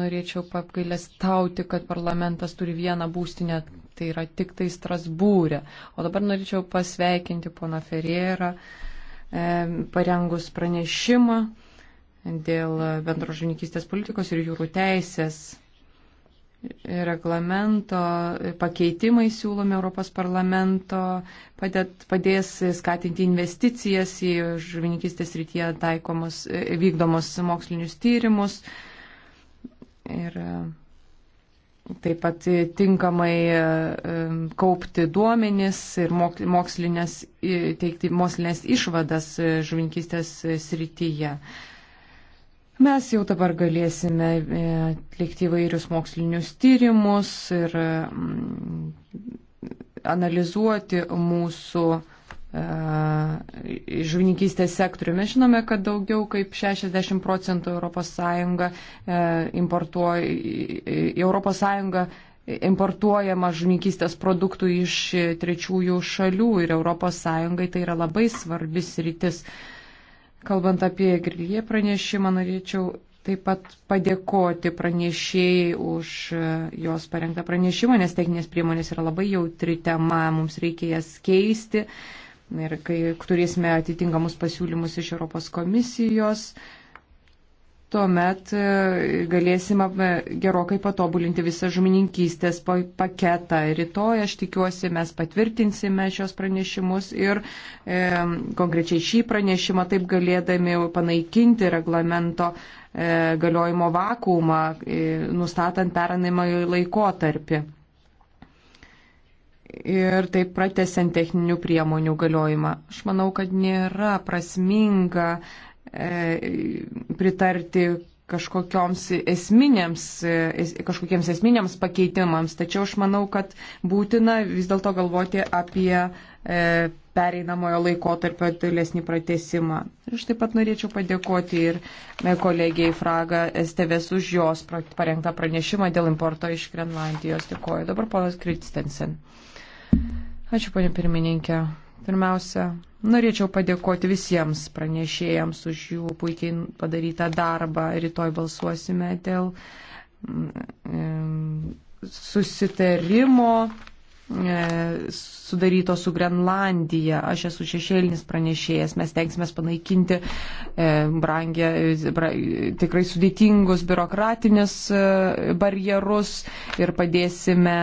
norėčiau papgailės tauti, kad parlamentas turi vieną būstinę, tai yra tik tai Strasbūrė. O dabar norėčiau pasveikinti poną Ferjerą, e, parengus pranešimą dėl bendrožininkystės politikos ir jūrų teisės reglamento pakeitimai siūlomi Europos parlamento padėt, padės skatinti investicijas į žuvininkistės rytyje taikomus, e, vykdomus mokslinius tyrimus. Ir e, taip pat tinkamai e, kaupti duomenis ir mokslinės, teikti mokslinės išvadas žuvininkistės srityje. Mes jau dabar galėsime e, atlikti įvairius mokslinius tyrimus ir mm, analizuoti mūsų e, žuvininkystės sektorių. Mes žinome, kad daugiau kaip 60 procentų ES importuoja, ES importuojama žuvininkystės produktų iš trečiųjų šalių ir ES tai yra labai svarbis rytis. Uh, Kalbant apie Grilie pranešimą, norėčiau taip pat padėkoti pranešėjai už e, jos parengtą pranešimą, nes techninės priemonės yra labai jautri tema, mums reikia jas keisti. Ir kai turėsime atitinkamus pasiūlymus iš Europos komisijos, tuomet e, galėsim e, gerokai patobulinti visą žuvininkystės paketą. Rytoj, aš tikiuosi, mes patvirtinsime šios pranešimus ir e, konkrečiai šį pranešimą taip galėdami panaikinti reglamento e, galiojimo vakumą, e, nustatant peranimąjį laikotarpį. Ir taip pratesiant techninių priemonių galiojimą. Aš manau, kad nėra prasminga E, pritarti kažkokioms esminėms, e, kažkokiems esminėms pakeitimams, tačiau aš manau, kad būtina vis dėlto galvoti apie e, pereinamojo laiko tarp tolesnį pratesimą. Aš taip pat norėčiau padėkoti ir kolegijai Fraga Esteves už jos parengtą pranešimą dėl importo iš Grenlandijos. Dėkuoju. Dabar ponas Kristensen. Ačiū, ponė pirmininkė. Pirmiausia, Norėčiau padėkoti visiems pranešėjams už jų puikiai padarytą darbą. Rytoj balsuosime dėl mm, e, susitarimo e, sudaryto su Grenlandija. Aš esu šešėlinis pranešėjas, mes tenksime panaikinti e, brangę, tikrai sudėtingus biurokratinius barjerus ir padėsime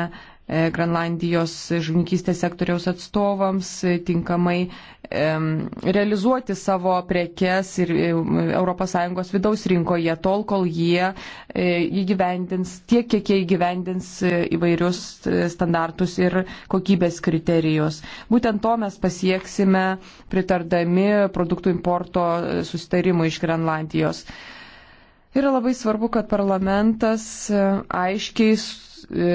E, Grenlandijos žvinkystės sektoriaus atstovams e, tinkamai realizuoti savo prekes ir ES vidaus rinkoje tol, kol jie e, įgyvendins tiek, kiek jie įgyvendins įvairius standartus ir kokybės kriterijus. Būtent to mes pasieksime pritardami produktų importo sustarimui iš Grenlandijos. Yra labai svarbu, kad parlamentas aiškiai E,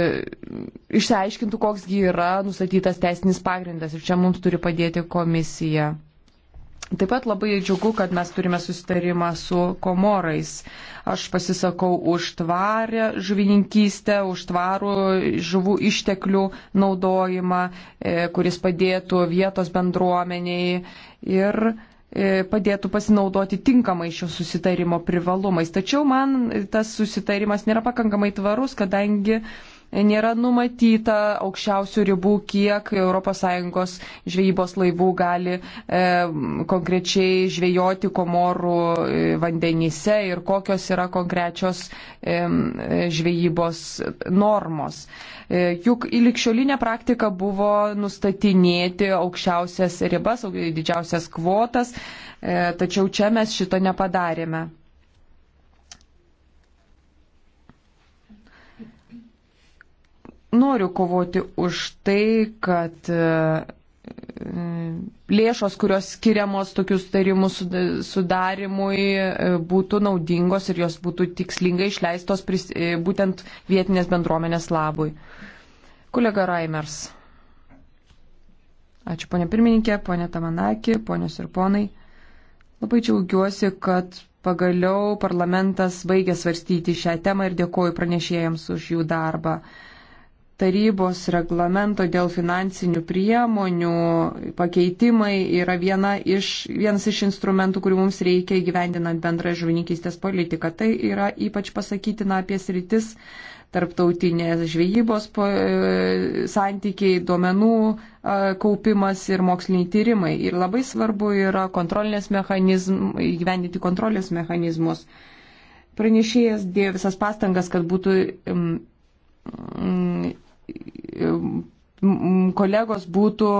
išsiaiškintų, koksgi yra nustatytas teisinis pagrindas ir čia mums turi padėti komisija. Taip pat labai džiugu, kad mes turime susitarimą su komorais. Aš pasisakau už tvarę žuvininkystę, už tvarų žuvų išteklių naudojimą, e, kuris padėtų vietos bendruomeniai ir E, padėtų pasinaudoti tinkamai šio susitarimo privalumais. Tačiau man tas susitarimas nėra pakankamai tvarus, kadangi uh, nėra numatyta aukščiausių ribų, kiek ES žvejybos laivų gali e, konkrečiai žvejoti komorų e, vandenyse ir kokios yra konkrečios e, žvejybos normos. E, juk ilikščiolinė praktika buvo nustatinėti aukščiausias ribas, didžiausias kvotas, e, tačiau čia mes šito nepadarėme. noriu kovoti už tai, kad e, lėšos, kurios skiriamos tokių sutarimų sudarimui, e, būtų naudingos ir jos būtų tikslingai išleistos pris, e, būtent vietinės bendruomenės labui. Kolega Raimers. Ačiū ponė pirmininkė, ponė Tamanaki, ponios ir ponai. Labai džiaugiuosi, kad pagaliau parlamentas baigė svarstyti šią temą ir dėkoju pranešėjams už jų darbą tarybos reglamento dėl finansinių priemonių pakeitimai yra viena iš, vienas iš instrumentų, kurių mums reikia įgyvendinant bendrą žuvininkystės politiką. Tai yra ypač pasakytina apie sritis tarptautinės žvejybos e, santykiai, duomenų e, kaupimas ir moksliniai tyrimai. Ir labai svarbu yra kontrolės mechanizm, įgyvendinti kontrolės mechanizmus. Pranešėjas dėjo visas pastangas, kad būtų mm, mm kolegos būtų,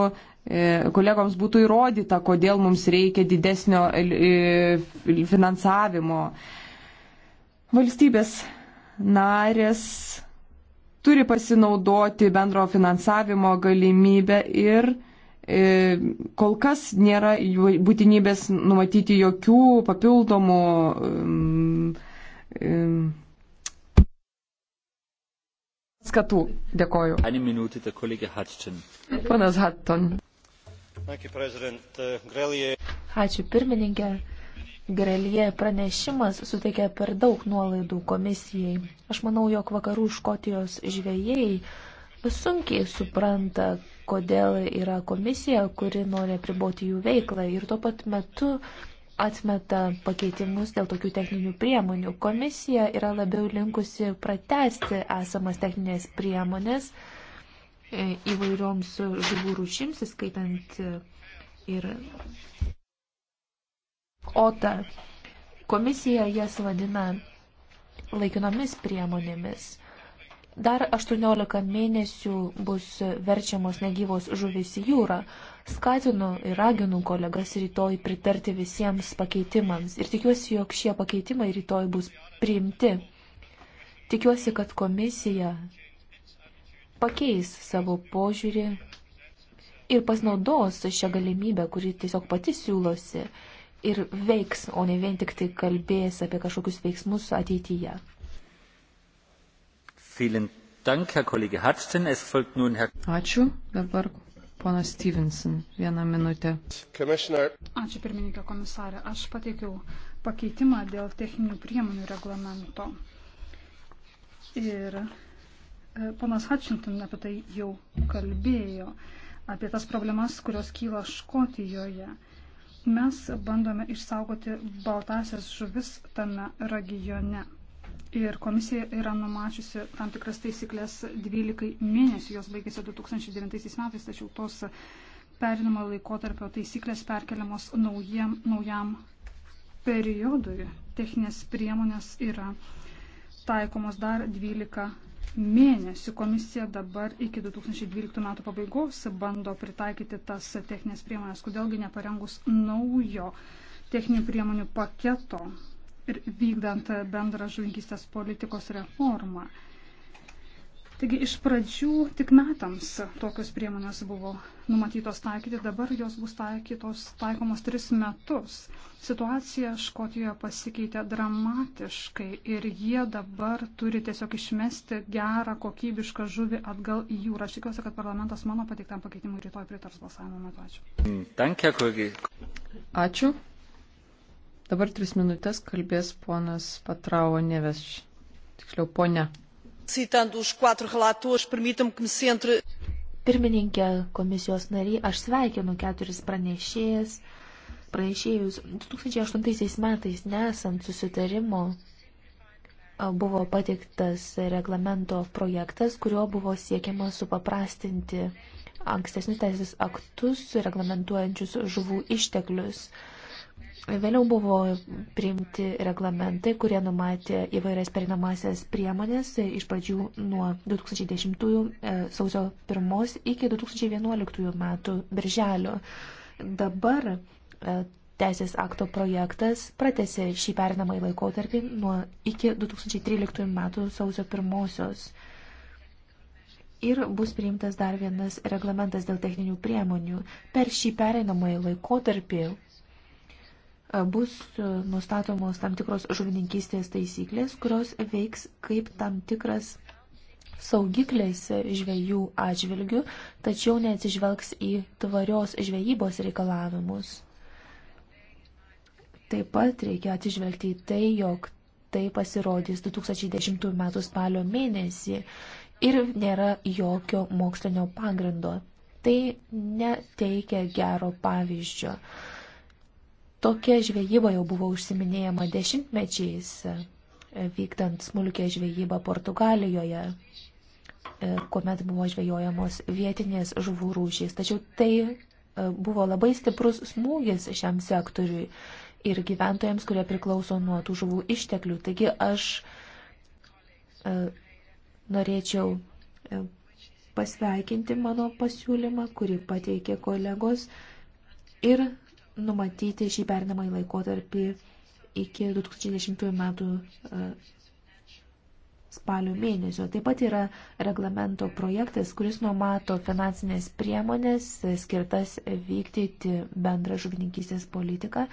e, kolegoms būtų įrodyta, kodėl mums reikia didesnio e, e, finansavimo. Valstybės narės turi pasinaudoti bendro finansavimo galimybę ir kol kas nėra būtinybės numatyti jokių papildomų skatų. Dėkoju. Ponas Hatton. Uh, Ačiū pirmininkė. Grelie pranešimas suteikia per daug nuolaidų komisijai. Aš manau, jog vakarų Škotijos žvėjai sunkiai supranta, kodėl yra komisija, kuri nori apriboti jų veiklą ir tuo pat metu atmeta pakeitimus dėl tokių techninių priemonių. Komisija yra labiau linkusi pratesti esamas techninės priemonės e, įvairioms žuvų rūšims, įskaitant e, ir otą. Komisija jas vadina laikinomis priemonėmis. Dar 18 mėnesių bus verčiamos negyvos žuvis į jūrą. Skatinu ir raginu kolegas rytoj pritarti visiems pakeitimams ir tikiuosi, jog šie pakeitimai rytoj bus priimti. Tikiuosi, kad komisija pakeis savo požiūrį ir pasinaudos šią galimybę, kuri tiesiog pati siūlosi ir veiks, o ne vien tik tai kalbės apie kažkokius veiksmus ateityje. Vielen Dank, Herr Kollege Hudson. Es folgt nun Herr. Ačiū. Dabar Ponas Stevenson, vieną minutę. Ačiū pirmininkė komisarė. Aš pateikiau pakeitimą dėl techninių priemonių reglamento. Ir e, ponas Hutchinson apie tai jau kalbėjo, apie tas problemas, kurios kyla Škotijoje. Mes bandome išsaugoti baltasias žuvis tame regione. Ir komisija yra numačiusi tam tikras taisyklės 12 mėnesių, jos baigėsi 2009 metais, tačiau tos perinamo laikotarpio taisyklės perkeliamos naujiem, naujam periodui. Techninės priemonės yra taikomos dar 12 mėnesių. Komisija dabar iki 2012 metų pabaigos bando pritaikyti tas techninės priemonės. Kodėlgi neparengus naujo techninių priemonių paketo ir vykdant bendrą žuvininkystės politikos reformą. Taigi iš pradžių tik metams tokios priemonės buvo numatytos taikyti, dabar jos bus taikytos, taikomos tris metus. Situacija Škotijoje pasikeitė dramatiškai ir jie dabar turi tiesiog išmesti gerą kokybišką žuvį atgal į jūrą. Aš tikiuosi, kad parlamentas mano pateiktam pakeitimui rytoj pritars balsavimo metu. Ačiū. Mm, Ačiū. Dabar tris minutės kalbės ponas Patrao Neves, tiksliau ponia. Pirmininkė komisijos nariai, aš sveikinu keturis pranešėjas. Pranešėjus 2008 metais nesant susitarimo buvo patiktas reglamento projektas, kuriuo buvo siekiama supaprastinti ankstesnius teisės aktus reglamentuojančius žuvų išteklius. Vėliau buvo priimti reglamentai, kurie numatė įvairias perinamasias priemonės iš pradžių nuo 2010 e, sausio 1 iki 2011 metų birželio. Dabar e, teisės akto projektas pratėsi šį perinamąjį laikotarpį nuo iki 2013 metų sausio 1 ir bus priimtas dar vienas reglamentas dėl techninių priemonių. Per šį pereinamąjį laikotarpį E, bus e, nustatomos tam tikros žuvininkystės taisyklės, kurios veiks kaip tam tikras saugiklės žvejų atžvilgių, tačiau neatsižvelgs į tvarios žvejybos reikalavimus. Taip pat reikia atsižvelgti į tai, jog tai pasirodys 2010 m. spalio mėnesį ir nėra jokio mokslinio pagrindo. Tai neteikia gero pavyzdžio. Tokia žvejyba jau buvo užsiminėjama dešimtmečiais, e, vykdant smulkę žvejybą Portugalijoje, e, kuomet buvo žvejojamos vietinės žuvų rūšys. Tačiau tai e, buvo labai stiprus smūgis šiam sektoriui ir gyventojams, kurie priklauso nuo tų žuvų išteklių. Taigi aš norėčiau pasveikinti mano pasiūlymą, kurį pateikė kolegos ir numatyti šį perinamąjį laikotarpį iki 2010 metų e, spalio mėnesio. Taip pat yra reglamento projektas, kuris numato finansinės priemonės e, skirtas vykdyti bendrą žuvininkystės politiką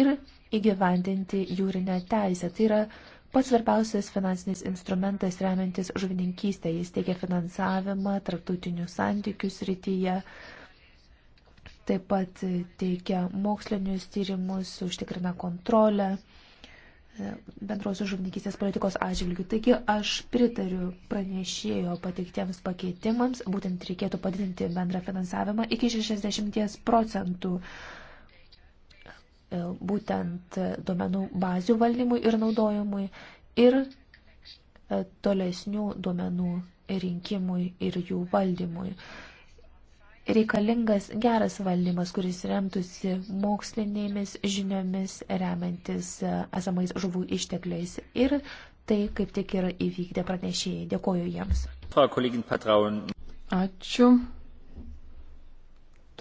ir įgyvendinti jūrinę teisę. Tai yra pats svarbiausias finansinis instrumentas remiantis žuvininkystę. Jis teikia finansavimą tarptautinių santykių srityje taip pat teikia mokslinius tyrimus, užtikrina kontrolę e, bendros žuvininkystės politikos atžvilgių. Taigi aš pritariu pranešėjo pateiktiems pakeitimams, būtent reikėtų padidinti bendrą finansavimą iki 60 procentų e, būtent duomenų bazių valdymui ir naudojimui ir e, tolesnių duomenų rinkimui ir jų valdymui reikalingas geras valdymas, kuris remtųsi mokslinėmis žiniomis, remiantis e, esamais žuvų ištekliais. Ir tai kaip tik yra įvykdę pranešėjai. Dėkoju jiems. Ačiū.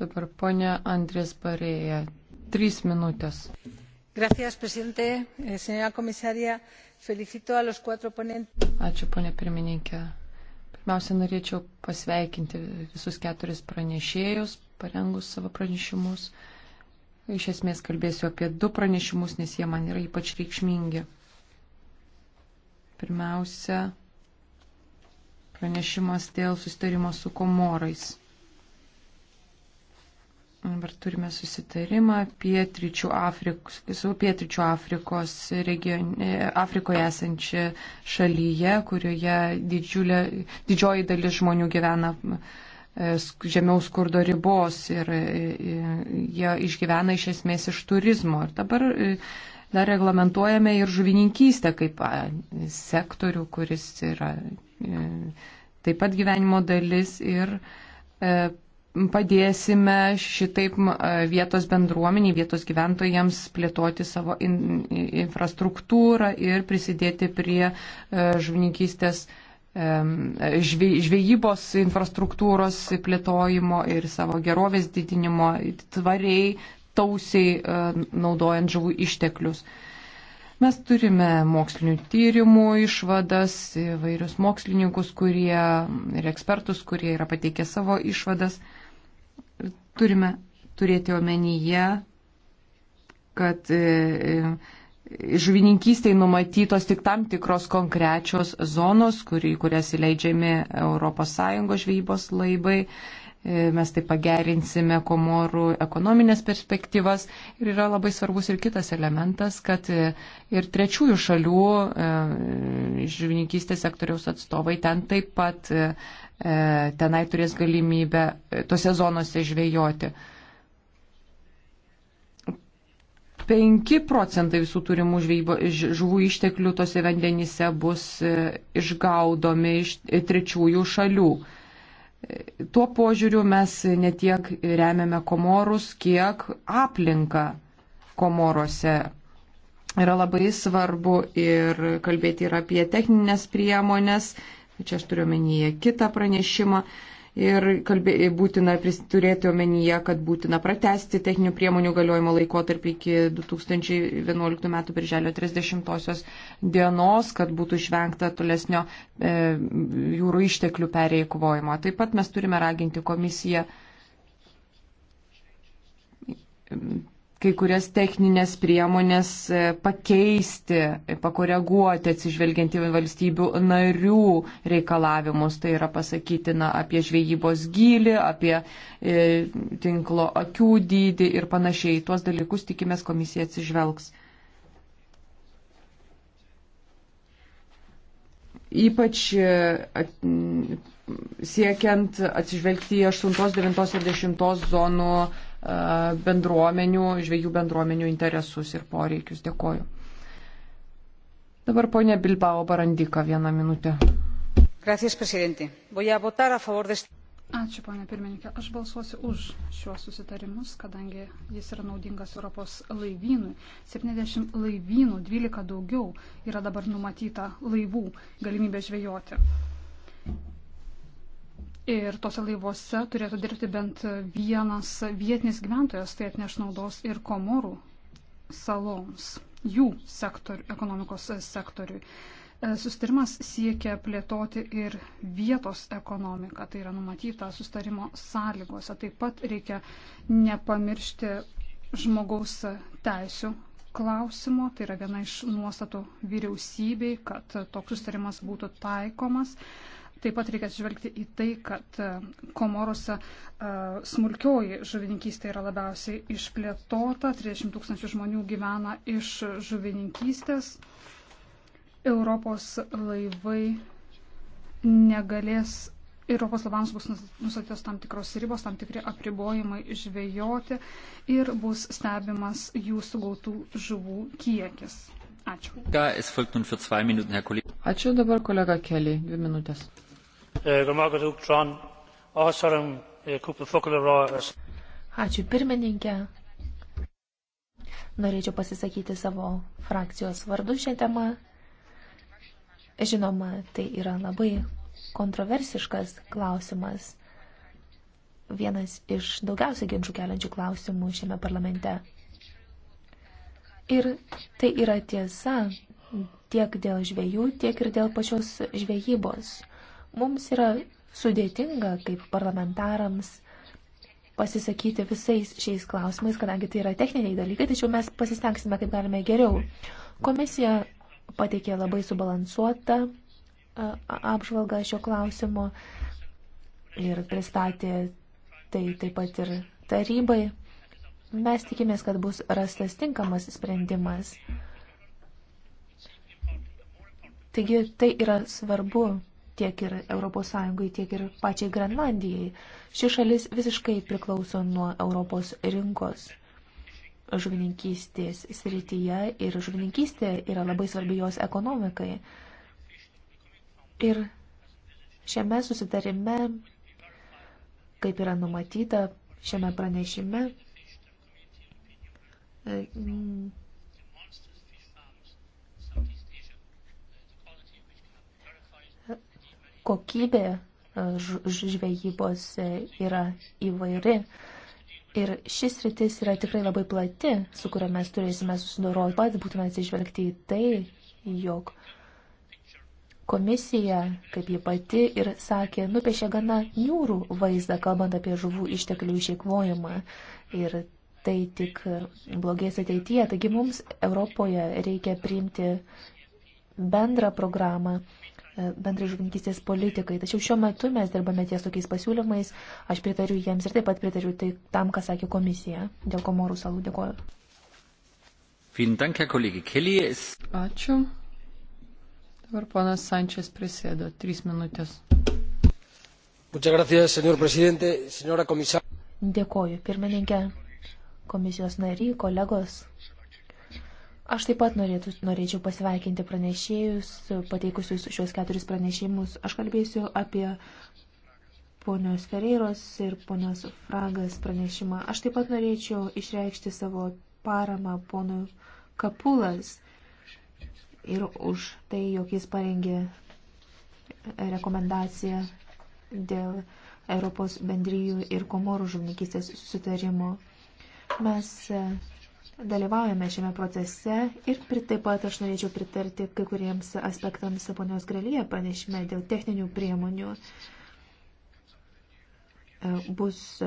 Dabar ponia Andrės Barėja. Trys minutės. Gracias, presidente. Eh, señora comisaria, felicito a los cuatro ponentes. Ačiū, ponia pirmininkė. Pirmiausia, norėčiau pasveikinti visus keturis pranešėjus, parengus savo pranešimus. Iš esmės kalbėsiu apie du pranešimus, nes jie man yra ypač reikšmingi. Pirmiausia, pranešimas dėl sustarimo su komorais. Dabar turime susitarimą pietričių Afrikos, su pietričių Afrikos regione, Afrikoje esančia šalyje, kurioje didžiulė, didžioji dalis žmonių gyvena e, žemiau skurdo ribos ir e, e, jie išgyvena iš esmės iš turizmo. Ir dabar dar reglamentuojame ir žuvininkystę kaip sektorių, kuris yra taip pat gyvenimo dalis ir padėsime šitaip vietos bendruomeniai, vietos gyventojams plėtoti savo in, infrastruktūrą ir prisidėti prie e, žuvininkystės e, žvejybos infrastruktūros plėtojimo ir savo gerovės didinimo tvariai, tausiai e, naudojant žuvų išteklius. Mes turime mokslinių tyrimų išvadas, įvairius mokslininkus kurie, ir ekspertus, kurie yra pateikę savo išvadas. Turime turėti omenyje, kad e, e, žuvininkystai numatytos tik tam tikros konkrečios zonos, kurį, kurias įleidžiami ES žvejybos laibai. E, mes tai pagerinsime komorų ekonominės perspektyvas ir yra labai svarbus ir kitas elementas, kad ir trečiųjų šalių žuvininkystės sektoriaus atstovai ten taip pat E, tenai turės galimybę e, tose zonose žvejoti. 5 procentai visų turimų žvejybo, žuvų išteklių tose vandenyse bus e, išgaudomi iš trečiųjų šalių. Tuo požiūriu mes ne tiek remiame komorus, kiek aplinką komorose. Yra labai svarbu ir kalbėti ir apie techninės priemonės, čia aš turiu omenyje kitą pranešimą. Ir kalbė, būtina pris, turėti omenyje, kad būtina pratesti techninių priemonių galiojimo laikotarpį iki 2011 m. birželio 30 dienos, kad būtų išvengta tolesnio e, jūrų išteklių pereikvojimo. Taip pat mes turime raginti komisiją kai kurias techninės priemonės e, pakeisti, e, pakoreguoti atsižvelgiant į valstybių narių reikalavimus. Tai yra pasakytina apie žvejybos gylį, apie e, tinklo akių dydį ir panašiai. Tuos dalykus tikimės komisija atsižvelgs. Ypač e, siekiant atsižvelgti į 8, 9 ir 10 zonų bendruomenių, žvėjų bendruomenių interesus ir poreikius. Dėkoju. Dabar ponia Bilbao Barandika vieną minutę. Gracias, presidente. Voy a votar a favor de este. Ačiū, ponė pirmininkė. Aš balsuosiu už šiuos susitarimus, kadangi jis yra naudingas Europos laivynui. 70 laivynų, 12 daugiau yra dabar numatyta laivų galimybė žvejoti. Ir tose laivuose turėtų dirbti bent vienas vietinis gyventojas, tai atneš naudos ir komorų saloms, jų sektorių, ekonomikos sektoriui. E, sustarimas siekia plėtoti ir vietos ekonomiką, tai yra numatyta sustarimo sąlygose. Taip pat reikia nepamiršti žmogaus teisų klausimo, tai yra viena iš nuostatų vyriausybei, kad toks sustarimas būtų taikomas. Taip pat reikia atsižvelgti į tai, kad e, Komorose e, smulkioji žuvininkystė yra labiausiai išplėtota, 30 tūkstančių žmonių gyvena iš žuvininkystės. Europos laivai negalės Europos lavams bus nusatytos tam tikros ribos, tam tikri apribojimai žvejoti ir bus stebimas jų sugautų žuvų kiekis. Ačiū. Ačiū dabar kolega Keli, dvi minutės. Ačiū pirmininkė. Norėčiau pasisakyti savo frakcijos vardu šią temą. Žinoma, tai yra labai kontroversiškas klausimas. Vienas iš daugiausiai ginčių keliančių klausimų šiame parlamente. Ir tai yra tiesa tiek dėl žvėjų, tiek ir dėl pačios žvėjybos. Mums yra sudėtinga kaip parlamentarams pasisakyti visais šiais klausimais, kadangi tai yra techniniai dalykai, tačiau mes pasistengsime kaip galime geriau. Komisija pateikė labai subalansuotą apžvalgą šio klausimo ir pristatė tai taip pat ir tarybai. Mes tikimės, kad bus rastas tinkamas sprendimas. Taigi tai yra svarbu tiek ir ES, tiek ir pačiai Grenlandijai. Ši šalis visiškai priklauso nuo Europos rinkos žuvininkystės srityje ir žuvininkystė yra labai svarbi jos ekonomikai. Ir šiame susitarime, kaip yra numatyta šiame pranešime, kokybė e, žvejybos e, yra įvairi. Ir šis rytis yra tikrai labai plati, su kuria mes turėsime susidoroti. Pat būtume atsižvelgti į tai, jog komisija, kaip ji pati ir sakė, nupiešė gana niūrų vaizdą, kalbant apie žuvų išteklių išeikvojimą. Ir tai tik blogės ateityje. Taigi mums Europoje reikia priimti bendrą programą, E, bendrai žuvininkystės politikai. Tačiau šiuo metu mes dirbame ties tokiais pasiūlymais, aš pritariu jiems ir taip pat pritariu tai tam, ką sakė komisija. Dėl komorų salų dėkoju. Ačiū. Dabar ponas Sančias prisėdo. Trys minutės. Gracias, señor presidente, señora komisar. Dėkoju, pirmininkė, komisijos nariai, kolegos. Aš taip pat norėtų, norėčiau pasveikinti pranešėjus, pateikusius šios keturis pranešimus. Aš kalbėsiu apie ponios Ferreiros ir ponios Fragas pranešimą. Aš taip pat norėčiau išreikšti savo paramą ponui Kapulas ir už tai, jog jis parengė rekomendaciją dėl Europos bendryjų ir komorų žuvininkystės susitarimo. Mes dalyvaujame šiame procese ir taip pat aš norėčiau pritarti kai kuriems aspektams ponios grelyje pranešime dėl techninių priemonių. E, bus e,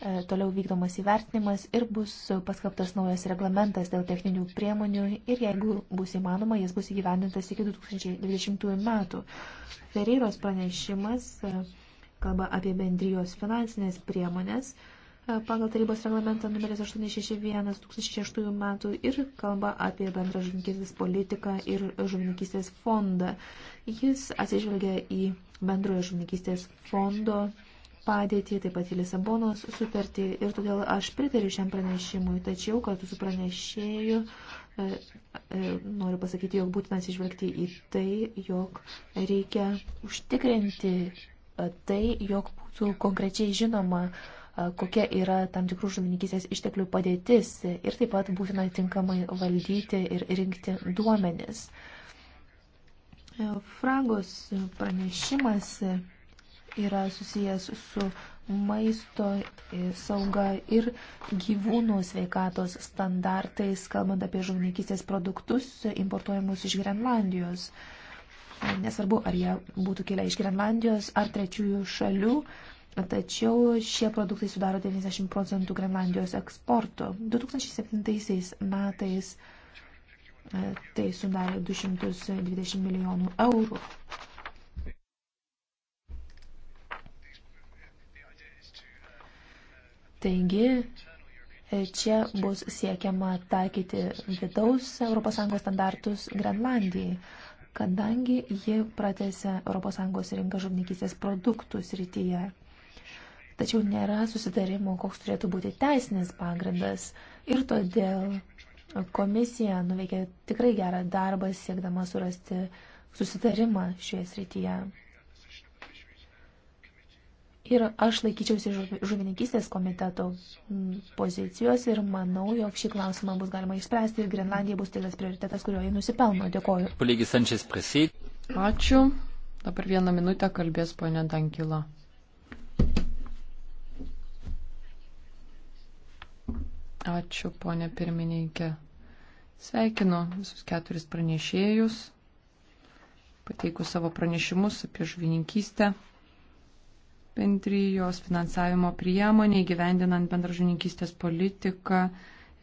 e, toliau vykdomas įvertinimas ir bus paskaptas naujas reglamentas dėl techninių priemonių ir jeigu bus įmanoma, jis bus įgyvendintas iki 2020 metų. Ferreiros pranešimas kalba apie bendrijos finansinės priemonės pagal tarybos reglamentą numeris 861 2006 metų ir kalba apie bendrą žuvininkystės politiką ir žuvininkystės fondą. Jis atsižvelgia į bendrojo žuvininkystės fondo padėtį, taip pat į Lisabonos sutartį ir todėl aš pritariu šiam pranešimui, tačiau kartu su pranešėju e, e, noriu pasakyti, jog būtina atsižvelgti į tai, jog reikia užtikrinti e, tai, jog būtų konkrečiai žinoma, kokia yra tam tikrų žuvininkysės išteklių padėtis ir taip pat būtina tinkamai valdyti ir rinkti duomenis. E, Fragos pranešimas yra susijęs su maisto e, sauga ir gyvūnų sveikatos standartais, kalbant apie žuvininkystės produktus importuojamus iš Grenlandijos. E, Nesvarbu, ar jie būtų kilę iš Grenlandijos ar trečiųjų šalių, Tačiau šie produktai sudaro 90 procentų Grenlandijos eksporto. 2007 metais e, tai sudarė 220 milijonų eurų. Taigi, e, čia bus siekiama taikyti vidaus ES standartus Grenlandijai, kadangi ji pratėse ES rinką žuvininkystės produktų srityje tačiau nėra susidarimo, koks turėtų būti teisinis pagrindas. Ir todėl komisija nuveikė tikrai gerą darbą siekdama surasti susitarimą šioje srityje. Ir aš laikyčiausi žuvininkystės komiteto pozicijos ir manau, jog šį klausimą bus galima išspręsti ir Grenlandija bus tikras prioritetas, kurio jį nusipelno. Dėkoju. Ačiū. Dabar vieną minutę kalbės ponė Dankila. Ačiū, ponė pirmininkė. Sveikinu visus keturis pranešėjus, pateikus savo pranešimus apie žuvininkystę, bendrijos finansavimo priemonė, gyvendinant bendražuvininkystės politiką,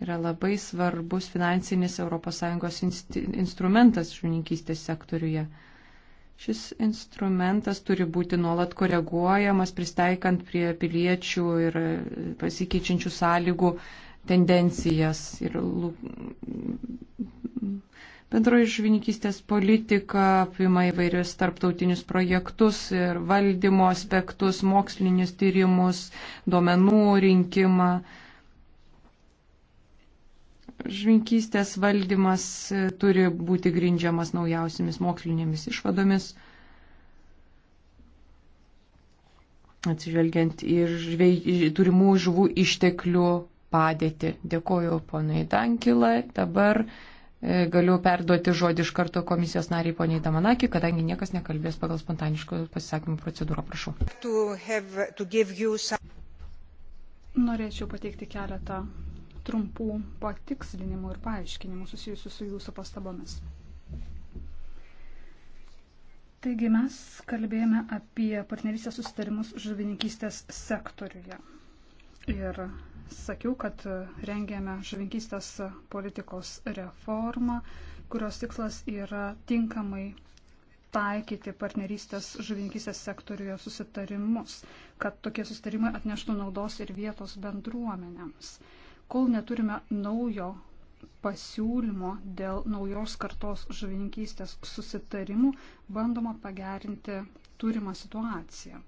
yra labai svarbus finansinis ES instrumentas žuvininkystės sektoriuje. Šis instrumentas turi būti nuolat koreguojamas, pristaikant prie piliečių ir pasikeičiančių sąlygų tendencijas ir bendroji žuvininkystės politika apima įvairius tarptautinius projektus ir valdymo aspektus, mokslinius tyrimus, duomenų rinkimą. Žvinkystės valdymas e, turi būti grindžiamas naujausiamis mokslinėmis išvadomis, atsižvelgiant į žvej, turimų žuvų išteklių padėtį. Dėkoju ponui Dankilą. Dabar e, galiu perduoti žodį iš karto komisijos nariai poniai Damanakį, kadangi niekas nekalbės pagal spontaniškų pasisakymų procedūrą. Prašau. To have, to some... Norėčiau pateikti keletą trumpų patikslinimų ir paaiškinimų susijusių su jūsų pastabomis. Taigi mes kalbėjome apie partnerystės susitarimus žuvininkystės sektoriuje. Ir sakiau, kad rengėme žuvinkystės politikos reformą, kurios tikslas yra tinkamai taikyti partnerystės žuvinkystės sektoriuje susitarimus, kad tokie susitarimai atneštų naudos ir vietos bendruomenėms. Kol neturime naujo pasiūlymo dėl naujos kartos žuvininkystės susitarimų, bandoma pagerinti turimą situaciją.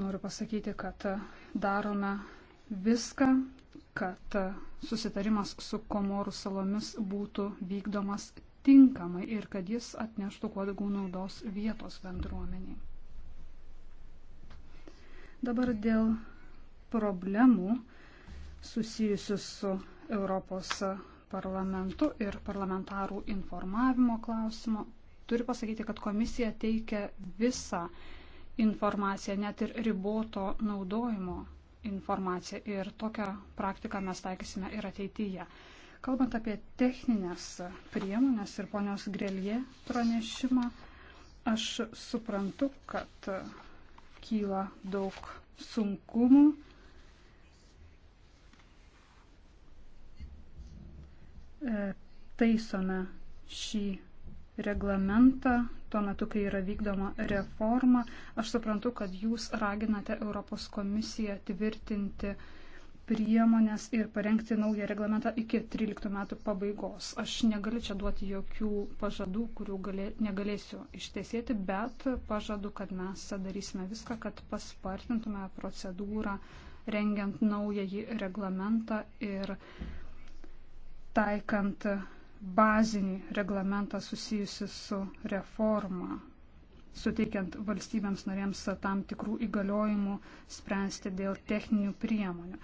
Noriu pasakyti, kad darome viską, kad susitarimas su Komorų salomis būtų vykdomas tinkamai ir kad jis atneštų kuo daugiau naudos vietos bendruomeniai. Dabar dėl problemų susijusių su Europos parlamentu ir parlamentarų informavimo klausimo. Turiu pasakyti, kad komisija teikia visą informaciją, net ir riboto naudojimo informaciją. Ir tokią praktiką mes taikysime ir ateityje. Kalbant apie techninės priemonės ir ponios Grelie pranešimą, aš suprantu, kad kyla daug sunkumų. E, taisome šį reglamentą tuo metu, kai yra vykdoma reforma. Aš suprantu, kad jūs raginate Europos komisiją tvirtinti priemonės ir parengti naują reglamentą iki 13 metų pabaigos. Aš negaliu čia duoti jokių pažadų, kurių galė, negalėsiu ištesėti, bet pažadu, kad mes darysime viską, kad paspartintume procedūrą rengiant naująjį reglamentą ir taikant bazinį reglamentą susijusi su reforma, suteikiant valstybėms norėms tam tikrų įgaliojimų spręsti dėl techninių priemonių.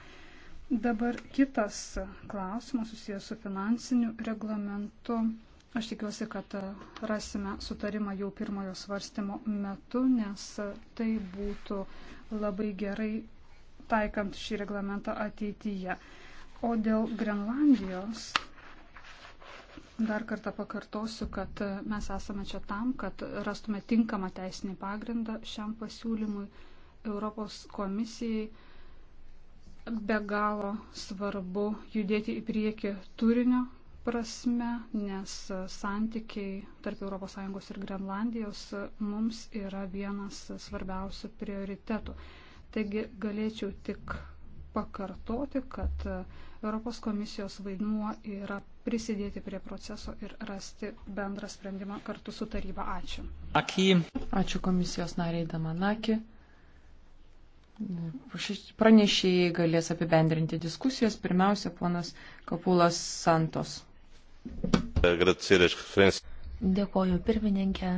Dabar kitas klausimas susijęs su finansiniu reglamentu. Aš tikiuosi, kad rasime sutarimą jau pirmojo svarstymo metu, nes tai būtų labai gerai taikant šį reglamentą ateityje. O dėl Grenlandijos Dar kartą pakartosiu, kad mes esame čia tam, kad rastume tinkamą teisinį pagrindą šiam pasiūlymui Europos komisijai. Be galo svarbu judėti į priekį turinio prasme, nes santykiai tarp ES ir Grenlandijos mums yra vienas svarbiausių prioritetų. Taigi galėčiau tik pakartoti, kad Europos komisijos vaidmuo yra prisidėti prie proceso ir rasti bendrą sprendimą kartu su taryba. Ačiū. Aki. Ačiū komisijos nariai Damanaki. Pranešėjai galės apibendrinti diskusijas. Pirmiausia, ponas Kapulas Santos. Dėkoju pirmininkė.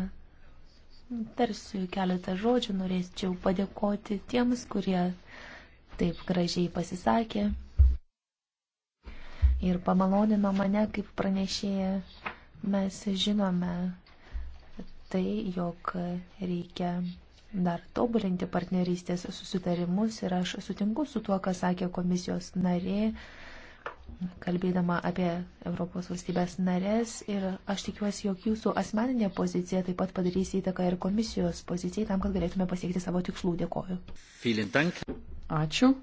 Tarsiu keletą žodžių, norėčiau padėkoti tiems, kurie taip gražiai pasisakė ir pamalonino mane kaip pranešėja. Mes žinome tai, jog reikia dar tobulinti partnerystės susitarimus ir aš sutinku su tuo, ką sakė komisijos narė, kalbėdama apie Europos valstybės narės ir aš tikiuosi, jog jūsų asmeninė pozicija taip pat padarys įtaką ir komisijos pozicijai tam, kad galėtume pasiekti savo tikslų. Dėkoju. Ačiū.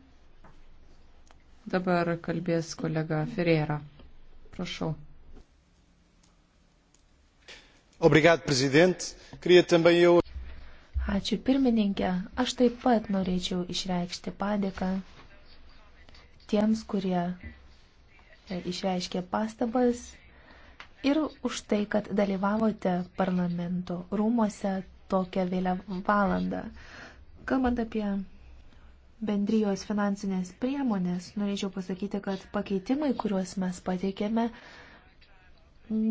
Dabar kalbės kolega Ferreira. Prašau. Obrigado, prezident. Queria também eu. Ačiū pirmininkė. Aš taip pat norėčiau išreikšti padėką tiems, kurie e, išreiškė pastabas ir už tai, kad dalyvavote parlamento rūmose tokią vėlią valandą. Kalbant apie bendrijos finansinės priemonės, norėčiau pasakyti, kad pakeitimai, kuriuos mes pateikėme,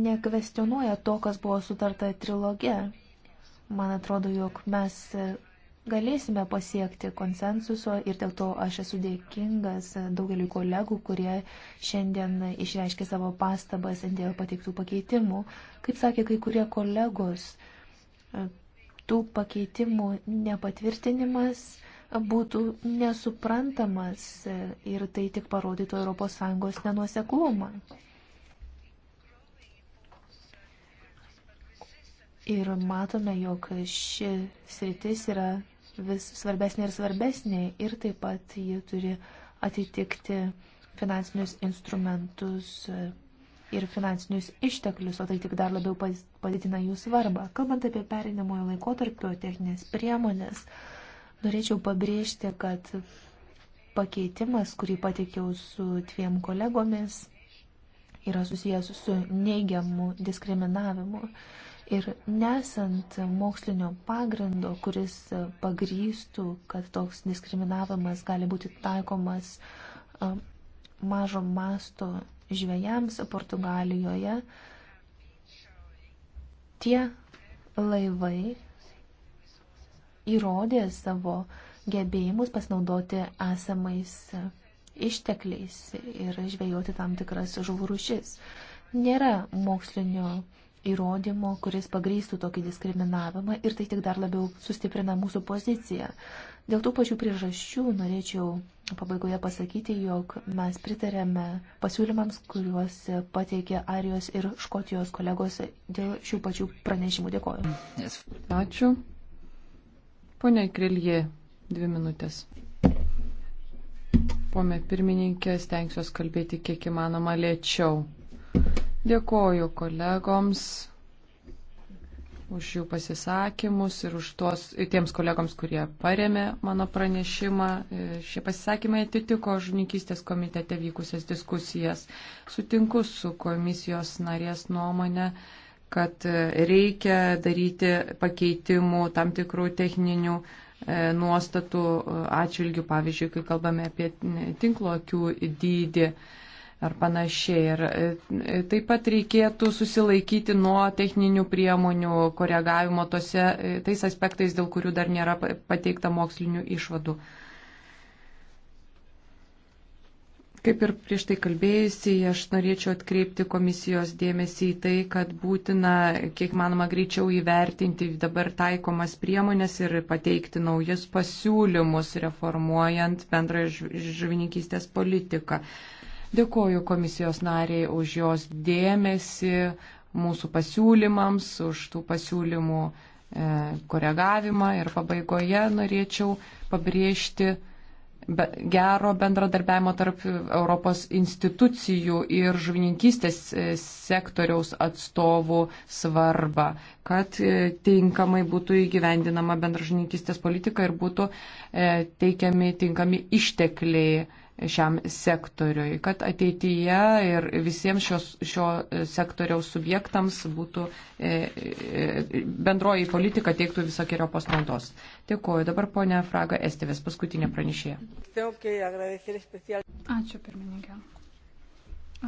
nekvestionuoja to, kas buvo sutarta trilogė. Man atrodo, jog mes galėsime pasiekti konsensuso ir dėl to aš esu dėkingas daugeliu kolegų, kurie šiandien išreiškė savo pastabas dėl pateiktų pakeitimų. Kaip sakė kai kurie kolegos, tų pakeitimų nepatvirtinimas būtų nesuprantamas ir tai tik parodytų ES nenuoseklumą. Ir matome, jog ši sritis yra vis svarbesnė ir svarbesnė ir taip pat ji turi atitikti finansinius instrumentus ir finansinius išteklius, o tai tik dar labiau padidina jų svarbą. Kalbant apie perinamojo laikotarpio techninės priemonės, uh, Norėčiau pabrėžti, kad pakeitimas, kurį pateikiau su dviem kolegomis, yra susijęs su neigiamu diskriminavimu. Ir nesant mokslinio pagrindo, kuris pagrystų, kad toks diskriminavimas gali būti taikomas mažo masto žvėjams Portugalijoje, tie laivai įrodė savo gebėjimus pasinaudoti esamais ištekliais ir žvejoti tam tikras žuvų rušis. Nėra mokslinio įrodymo, kuris pagrįstų tokį diskriminavimą ir tai tik dar labiau sustiprina mūsų poziciją. Dėl tų pačių priežasčių norėčiau pabaigoje pasakyti, jog mes pritarėme pasiūlymams, kuriuos pateikė Arijos ir Škotijos kolegos dėl šių pačių pranešimų. Dėkoju. Ačiū. Pone Krilie, dvi minutės. Pome pirmininkė, stengsiuos kalbėti kiek įmanoma lėčiau. Dėkoju kolegoms už jų pasisakymus ir už tuos, tiems kolegoms, kurie paremė mano pranešimą. Šie pasisakymai atitiko žunikystės komitete vykusias diskusijas. Sutinku su komisijos narės nuomonė kad e, reikia daryti pakeitimų tam tikrų techninių e, nuostatų e, atžvilgių, pavyzdžiui, kai kalbame apie tinklo akių dydį ar panašiai. Ir taip pat reikėtų susilaikyti nuo techninių priemonių koregavimo tose, tais aspektais, dėl kurių dar nėra pateikta mokslinių išvadų. Kaip ir prieš tai kalbėjusi, aš norėčiau atkreipti komisijos dėmesį į tai, kad būtina, kiek manoma, greičiau įvertinti dabar taikomas priemonės ir pateikti naujus pasiūlymus reformuojant bendrą žuvininkystės politiką. Dėkoju komisijos nariai už jos dėmesį mūsų pasiūlymams, už tų pasiūlymų e, koregavimą ir pabaigoje norėčiau pabrėžti be, gero bendradarbiavimo tarp Europos institucijų ir žuvininkystės e, sektoriaus atstovų svarbą, kad e, tinkamai būtų įgyvendinama bendra žuvininkystės politika ir būtų e, teikiami tinkami ištekliai šiam sektoriui, kad ateityje ir visiems šios, šio sektoriaus subjektams būtų e, e, bendroji politika teiktų visokiojo pastandos. Dėkuoju. Dabar ponia Fraga Estevės, paskutinė pranešėja. Ačiū pirmininkė.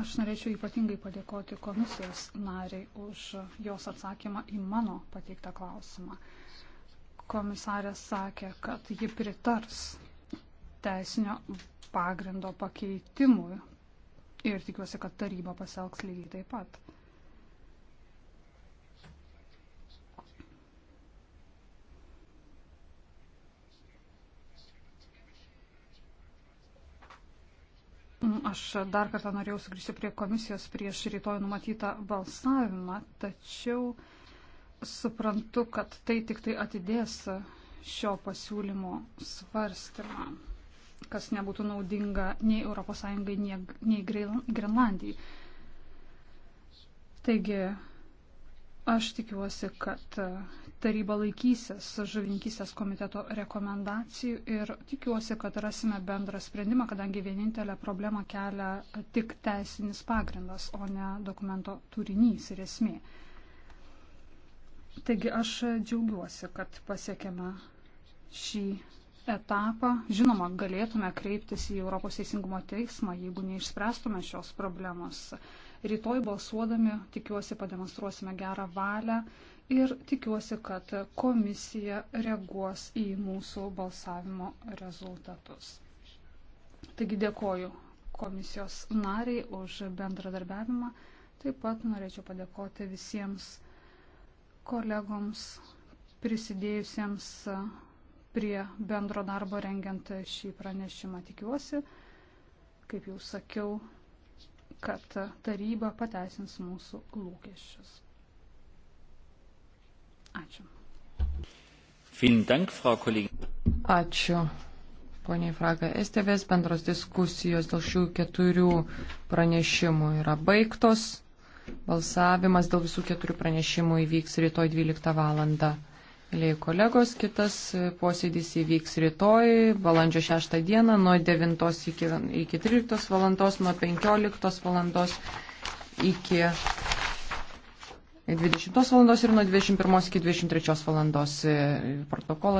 Aš norėčiau ypatingai padėkoti komisijos nariai už jos atsakymą į mano pateiktą klausimą. Komisarė sakė, kad ji pritars teisinio pagrindo pakeitimui ir tikiuosi, kad taryba pasielgs lygiai taip pat. Mm, aš dar kartą norėjau sugrįžti prie komisijos prieš rytoj numatytą balsavimą, tačiau suprantu, kad tai tik tai atidės šio pasiūlymo svarstymą kas nebūtų naudinga nei ES, nei, nei Grenlandijai. Taigi, aš tikiuosi, kad e, taryba laikysis žuvinkysės komiteto rekomendacijų ir tikiuosi, kad rasime bendrą sprendimą, kadangi vienintelę problemą kelia tik teisinis pagrindas, o ne dokumento turinys ir esmė. Taigi aš džiaugiuosi, kad pasiekėme šį etapą. Žinoma, galėtume kreiptis į Europos Teisingumo teismą, jeigu neišspręstume šios problemos. Rytoj balsuodami tikiuosi pademonstruosime gerą valią ir tikiuosi, kad komisija reaguos į mūsų balsavimo rezultatus. Taigi dėkoju komisijos nariai už bendradarbiavimą. Taip pat norėčiau padėkoti visiems kolegoms prisidėjusiems prie bendro darbo rengiant šį pranešimą. Tikiuosi, kaip jau sakiau, kad taryba pateisins mūsų lūkesčius. Ačiū. Dank, Frau Ačiū. Poniai Fraga, STVS bendros diskusijos dėl šių keturių pranešimų yra baigtos. Balsavimas dėl visų keturių pranešimų įvyks rytoj 12 val. Mėlyi kolegos, kitas posėdis įvyks rytoj, balandžio 6 dieną, nuo 9 iki, iki 13 valandos, nuo 15 valandos iki 20 valandos ir nuo 21 iki 23 valandos protokolas.